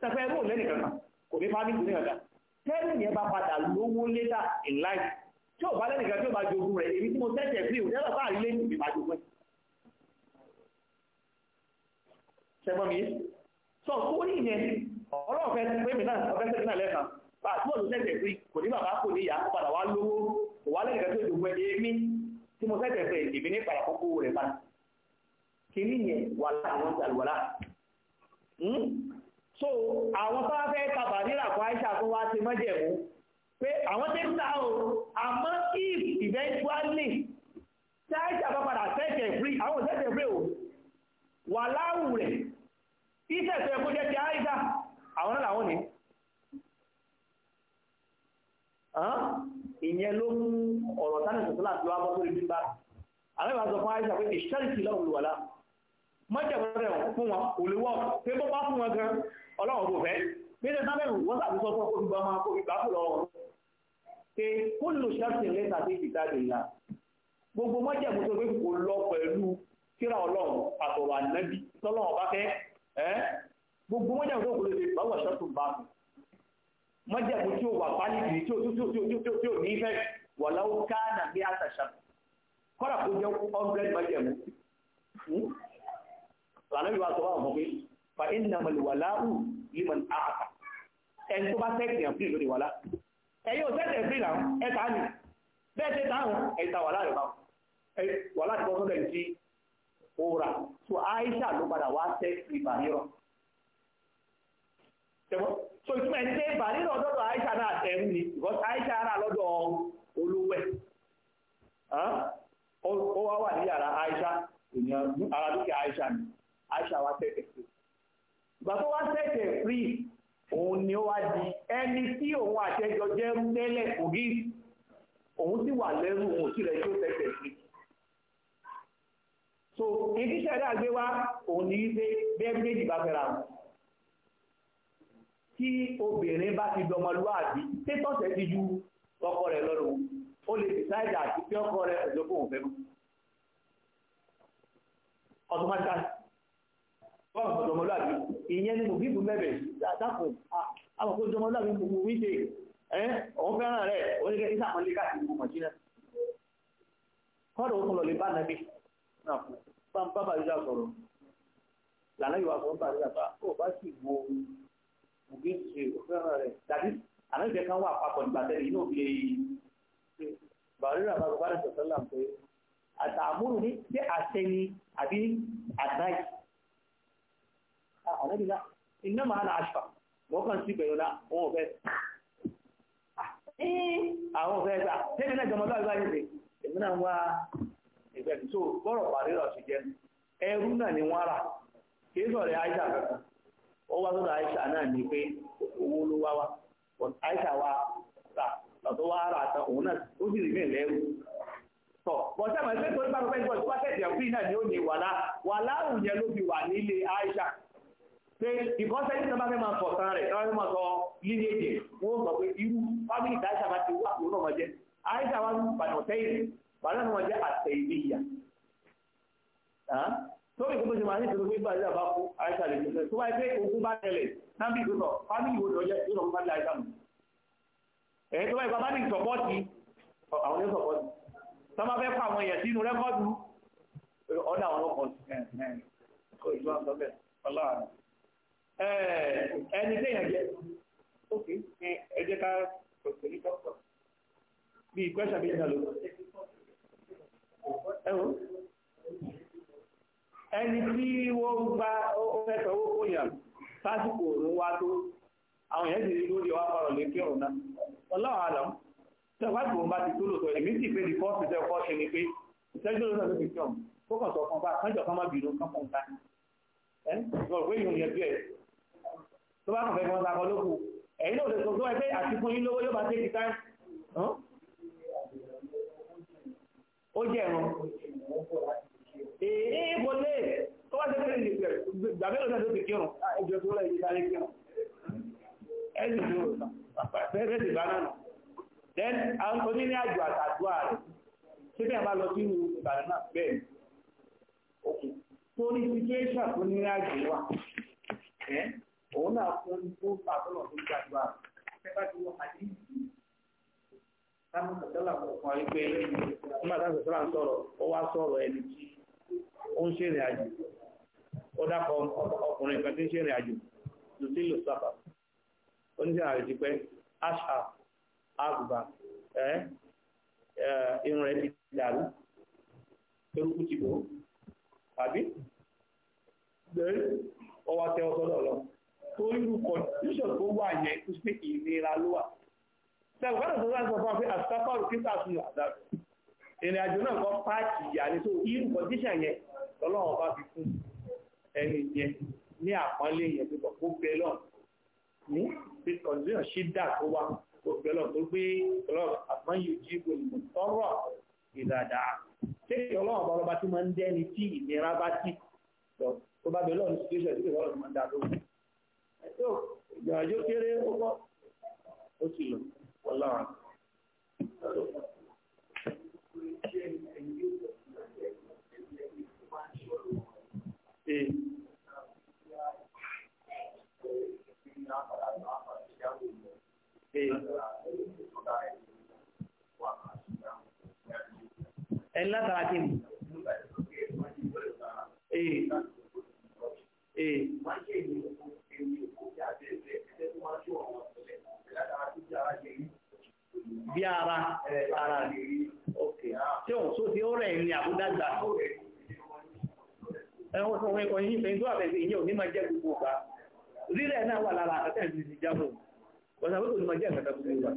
tẹ̀fẹ́ mú lẹ́nì kankan kò ní fámìlì ní kankan tẹ́lẹ̀ yẹn bá padà lówó later in life tí sẹ́gbọ́n mi sọ kó ní ìyẹn ọ̀rọ̀ ọ̀fẹ́ pé mi náà ọ̀fẹ́ sẹ́gbọ́n náà lẹ́ẹ̀kan bá àti bọ́ọ̀lù sẹ́sẹ̀ pé kò ní bàbá kò ní ìyá padà wá lówó kò wá lẹ́yìn kẹtọ́ ìdòwú ẹni èmi tí mo sẹ́sẹ̀ pé èmi ní padà kókó rẹ̀ padà kí ní ìyẹn wà láwọn àlùwàlà hmm? so àwọn tó wá fẹ́ tàbà nílà fún Aisha tó wá ti mọ́jẹ̀mú pé àwọn tẹ́ ń ta o àmọ́ if eventually tí Aisha bá padà sẹ́sẹ̀ free àwọn sẹ́sẹ̀ free o wà láwù rẹ̀ ìṣẹ̀ṣẹ̀ kó jẹ́ ti àìdá àwọn náà làwọn ní ìyẹn ló mú ọ̀rọ̀ tánà tó láti wá bọ́ sórí bíbá àwọn ìbá sọ fún àìsà pé ìṣẹ́rìsì lọ́wọ́ olùwàlá mọ́jẹ̀wọ́rẹ̀ fún wọn kò lè wọ́ pé bọ́ bá fún wọn gan ọlọ́run kò fẹ́ méjì tábẹ̀rù wọ́n sàbí sọ fún olùgbà máa kó ìgbà kò lọ́wọ́ pé kó lò ṣẹ́rìsì lẹ́sà sí ìgbà ìlà gbogbo mọ́jẹ̀wọ́ tó gbé kò lọ pẹ̀lú kíra ọlọ́run àtọ̀rọ̀ ànábì tọ́lọ́run bá fẹ́ Eh? gbogbo mọ́jàmù tó kò lè bá ṣọ́tù bá kù mọ́jàmù tí ó wà pálíkì tí ó tí ó ní ìfẹ́ wà láwọ́ káàdà bí àtàṣà kọ́dà kó jẹ́ ọ́nbẹ́rẹ́ mọ́jàmù lànà ìwà wà mi fa iná liman àkà ẹni tó bá tẹ́kì yàn fún ìlú ò ẹ̀ta ni bẹ́ẹ̀ àwọn ẹ̀ta wà wà ó rà so Aisha ló padà wá tẹ́sí bàrírọ̀ so ìtumọ̀ ẹni pé bàrírọ̀ lọ́dọ̀ Aisha náà tẹ̀rù ni because Aisha rà lọ́dọ̀ olówẹ̀ ó wá wà ní yàrá Aisha ènìyàn ara dúkìá Aisha ni Aisha wá tẹ sí ìgbà tó wá tẹ́tẹ̀ free òun ni ó wá di ẹni tí òun àtẹjọ jẹ́ mẹ́lẹ̀ kò rí òun sì wà lẹ́rù òun sì rẹ̀ tó tẹ́tẹ̀ free so ibi ṣẹ̀dá gbé wá òun ní wípé bẹ́ẹ̀ méjì bá fẹ́ra tí obìnrin bá ti dọmọlúwàbí tẹ́tọ̀sẹ̀ ti ju ọkọ rẹ lọ́rùn o lè decide àti pé ọkọ rẹ̀ ẹ̀dọ́kọ̀ òun fẹ́ mọ́ ìyẹn ni mo bí bu mẹ́bẹ̀ dákò àwọn dọmọlúwàbí mo wí ṣe fẹ́ràn rẹ̀ oníkẹ́ káàkiri mo mọ̀ náà ó tún lọ lè náà fún bá ń bá bàrídà sọ̀rọ̀ lànà ìwà sọ̀rọ̀ bàrídà bá ó bá sì wo òbí ṣe òfẹ́ràn rẹ̀ dàbí àná ìfẹ́ kan wà papọ̀ nígbà tẹ́lẹ̀ inú òbí ṣe bàrídà bá bàbá rẹ̀ sọ̀tọ́ là ń pé àtàmúrù ní ṣé àṣẹ ni àbí àdáì ah, àná ìlà iná máa na àṣà wọ́n kàn sí pẹ̀lú náà wọ́n fẹ́ ah, eh. àwọn fẹ́ gbà tẹ́lẹ̀ náà jọmọ́ ìbẹ̀ ní so bọ́rọ̀ pàdérọ̀ sì jẹ́ ẹrú náà ni wọ́n rà kì í sọ̀rọ̀ àìsà kankan ó wá sọ́dọ̀ àìsà náà ní pé owó ló wá wá àìsà wa rà lọ́tọ́ wá rà tán òun náà ó sì rí mẹ́lẹ̀ ẹrú tọ̀ sẹ́mọ̀ ẹgbẹ́ tó ń bá tó bá tẹ̀sẹ̀ fún iná ni ó ní wàlá wàlá ló fi wà nílé àìsà pé ìkọ́sẹ́ ní sábà máa sọ rẹ̀ sábà bàbá wọn jẹ́ àtẹ ìbí ìyà tóbi kó tó ṣe máa ní ìṣòro gbígbà ìjà bá kú àìsà lè jẹ́ tó wáyé pé ogun bá tẹ̀lẹ̀ náà bí ìṣòro fámìlì wo lọ jẹ́ ìṣòro fún fámìlì àìsà mú ẹ̀yìn tó wáyé bàbá ní ìṣọ̀pọ̀tì àwọn ní ìṣọ̀pọ̀tì tó máa fẹ́ kọ àwọn èèyàn sínú rẹ́kọ́ọ̀dù ọ̀dà àwọn ọkọ̀ ẹni téèyàn jẹ́ ókè ẹ jẹ́ ká bí ìgbẹ́sà ẹ̀wọ́ ẹni tí wọ́n gba ọ̀fẹ́fẹ́ owó fún yàn sásìkò òun wá tó àwọn èèyàn sì rí lóde wá parọ̀ lè kírun náà ọlọ́run àlọ́ tí ọ̀pá ìgbòho bá ti tó lòtọ́ èmi sì pé nìkan ti tẹ́kọ́ ṣe ni pé ìṣẹ́jú lọ́sọ̀ ló fi kí ọ̀hún kó kàn sọ fún bá kánjọ kan má bínú kán fún ta ẹ lọ́rọ̀ pé ìyọ̀n yẹn bí ẹ̀ tó bá kàn fẹ́ kí wọ́n ta kọ lókù ẹ̀yin náà lè sọ fún ẹ pé ó jẹ́ ẹ̀rọ èyí mo lè tó wá sẹ́kẹ̀rẹ̀ ní ìgbẹ̀ gbàmílò náà tó ti kírun ẹjọ́ tó rẹ̀ yìí sáré kírun ẹjọ́ tó fẹ́rẹ́ sì bá náà then oníní àjò àtàdúrà rẹ̀ ṣé bí a bá lọ sí ìlú Ìbàdàn náà bẹ́ẹ̀ tó ní situation tó ní àjò wà òun náà fún ní fún pàtó náà tó ń gbàdúrà rẹ̀ sáwọn sọ̀tẹ́là kọ̀ọ̀kan rí pé nígbà táwọn sọ̀tẹ́là ń sọ̀rọ̀ ó wá sọ̀rọ̀ ẹni tí ó ń ṣèrìn àjò ó dákọ̀ ọkùnrin kan tí ń ṣèrìn àjò lùtí lù sábà oníṣẹ́ àjò ti pẹ́ àṣà àgùbà ẹ́ irun rẹ̀ ti dàrú eruku ti bò àbí bẹ́ẹ̀ ọwọ́ tẹ ọ sọ́dọ̀ lọ torí irú kọ̀ọ̀dúnṣọ̀ wà yẹn tó ṣe ló wà tẹ̀gbọ́n tó wá sọ fún ọ pé àtàkọ́rù kíkà sí àdáàbò ìrìn àjò náà kọ́ páàkì ìyá ní tó irú kọ́díṣà yẹn lọ́lọ́wọ́ bá fi fún ẹni yẹn ní àpọ́nlé yẹn tó kọ́ bẹ́ẹ̀ lọ ní bí kọ́díṣà ṣì dà tó wá kó bẹ́ẹ̀ lọ tó gbé ọlọ́run àmọ́ yóò jí olùmọ̀ tọ́rọ̀ ìdàdà ṣé ọlọ́run bá ọlọ́ba tí máa ń dẹ́ni tí ìnira bá tì tó bá bẹ́ẹ̀ lọ́run situation ọlọ́run. ẹ látara kí ni. Ee. Ee bí ara ara rẹ̀ tí òun tó ti ó rẹ̀ ní àbúdágbà ẹ̀hún tó wọ́n ẹ̀kọ́ yìí fẹ́ tó àfẹ́fẹ́ ìyẹn ò ní máa jẹ́ gbogbo ọ̀gá rírẹ̀ náà wà lára àkàtà ìdí ti jábọ̀ wọ́n sàbẹ́ tó ní máa jẹ́ àkàtà gbogbo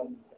ọ̀gá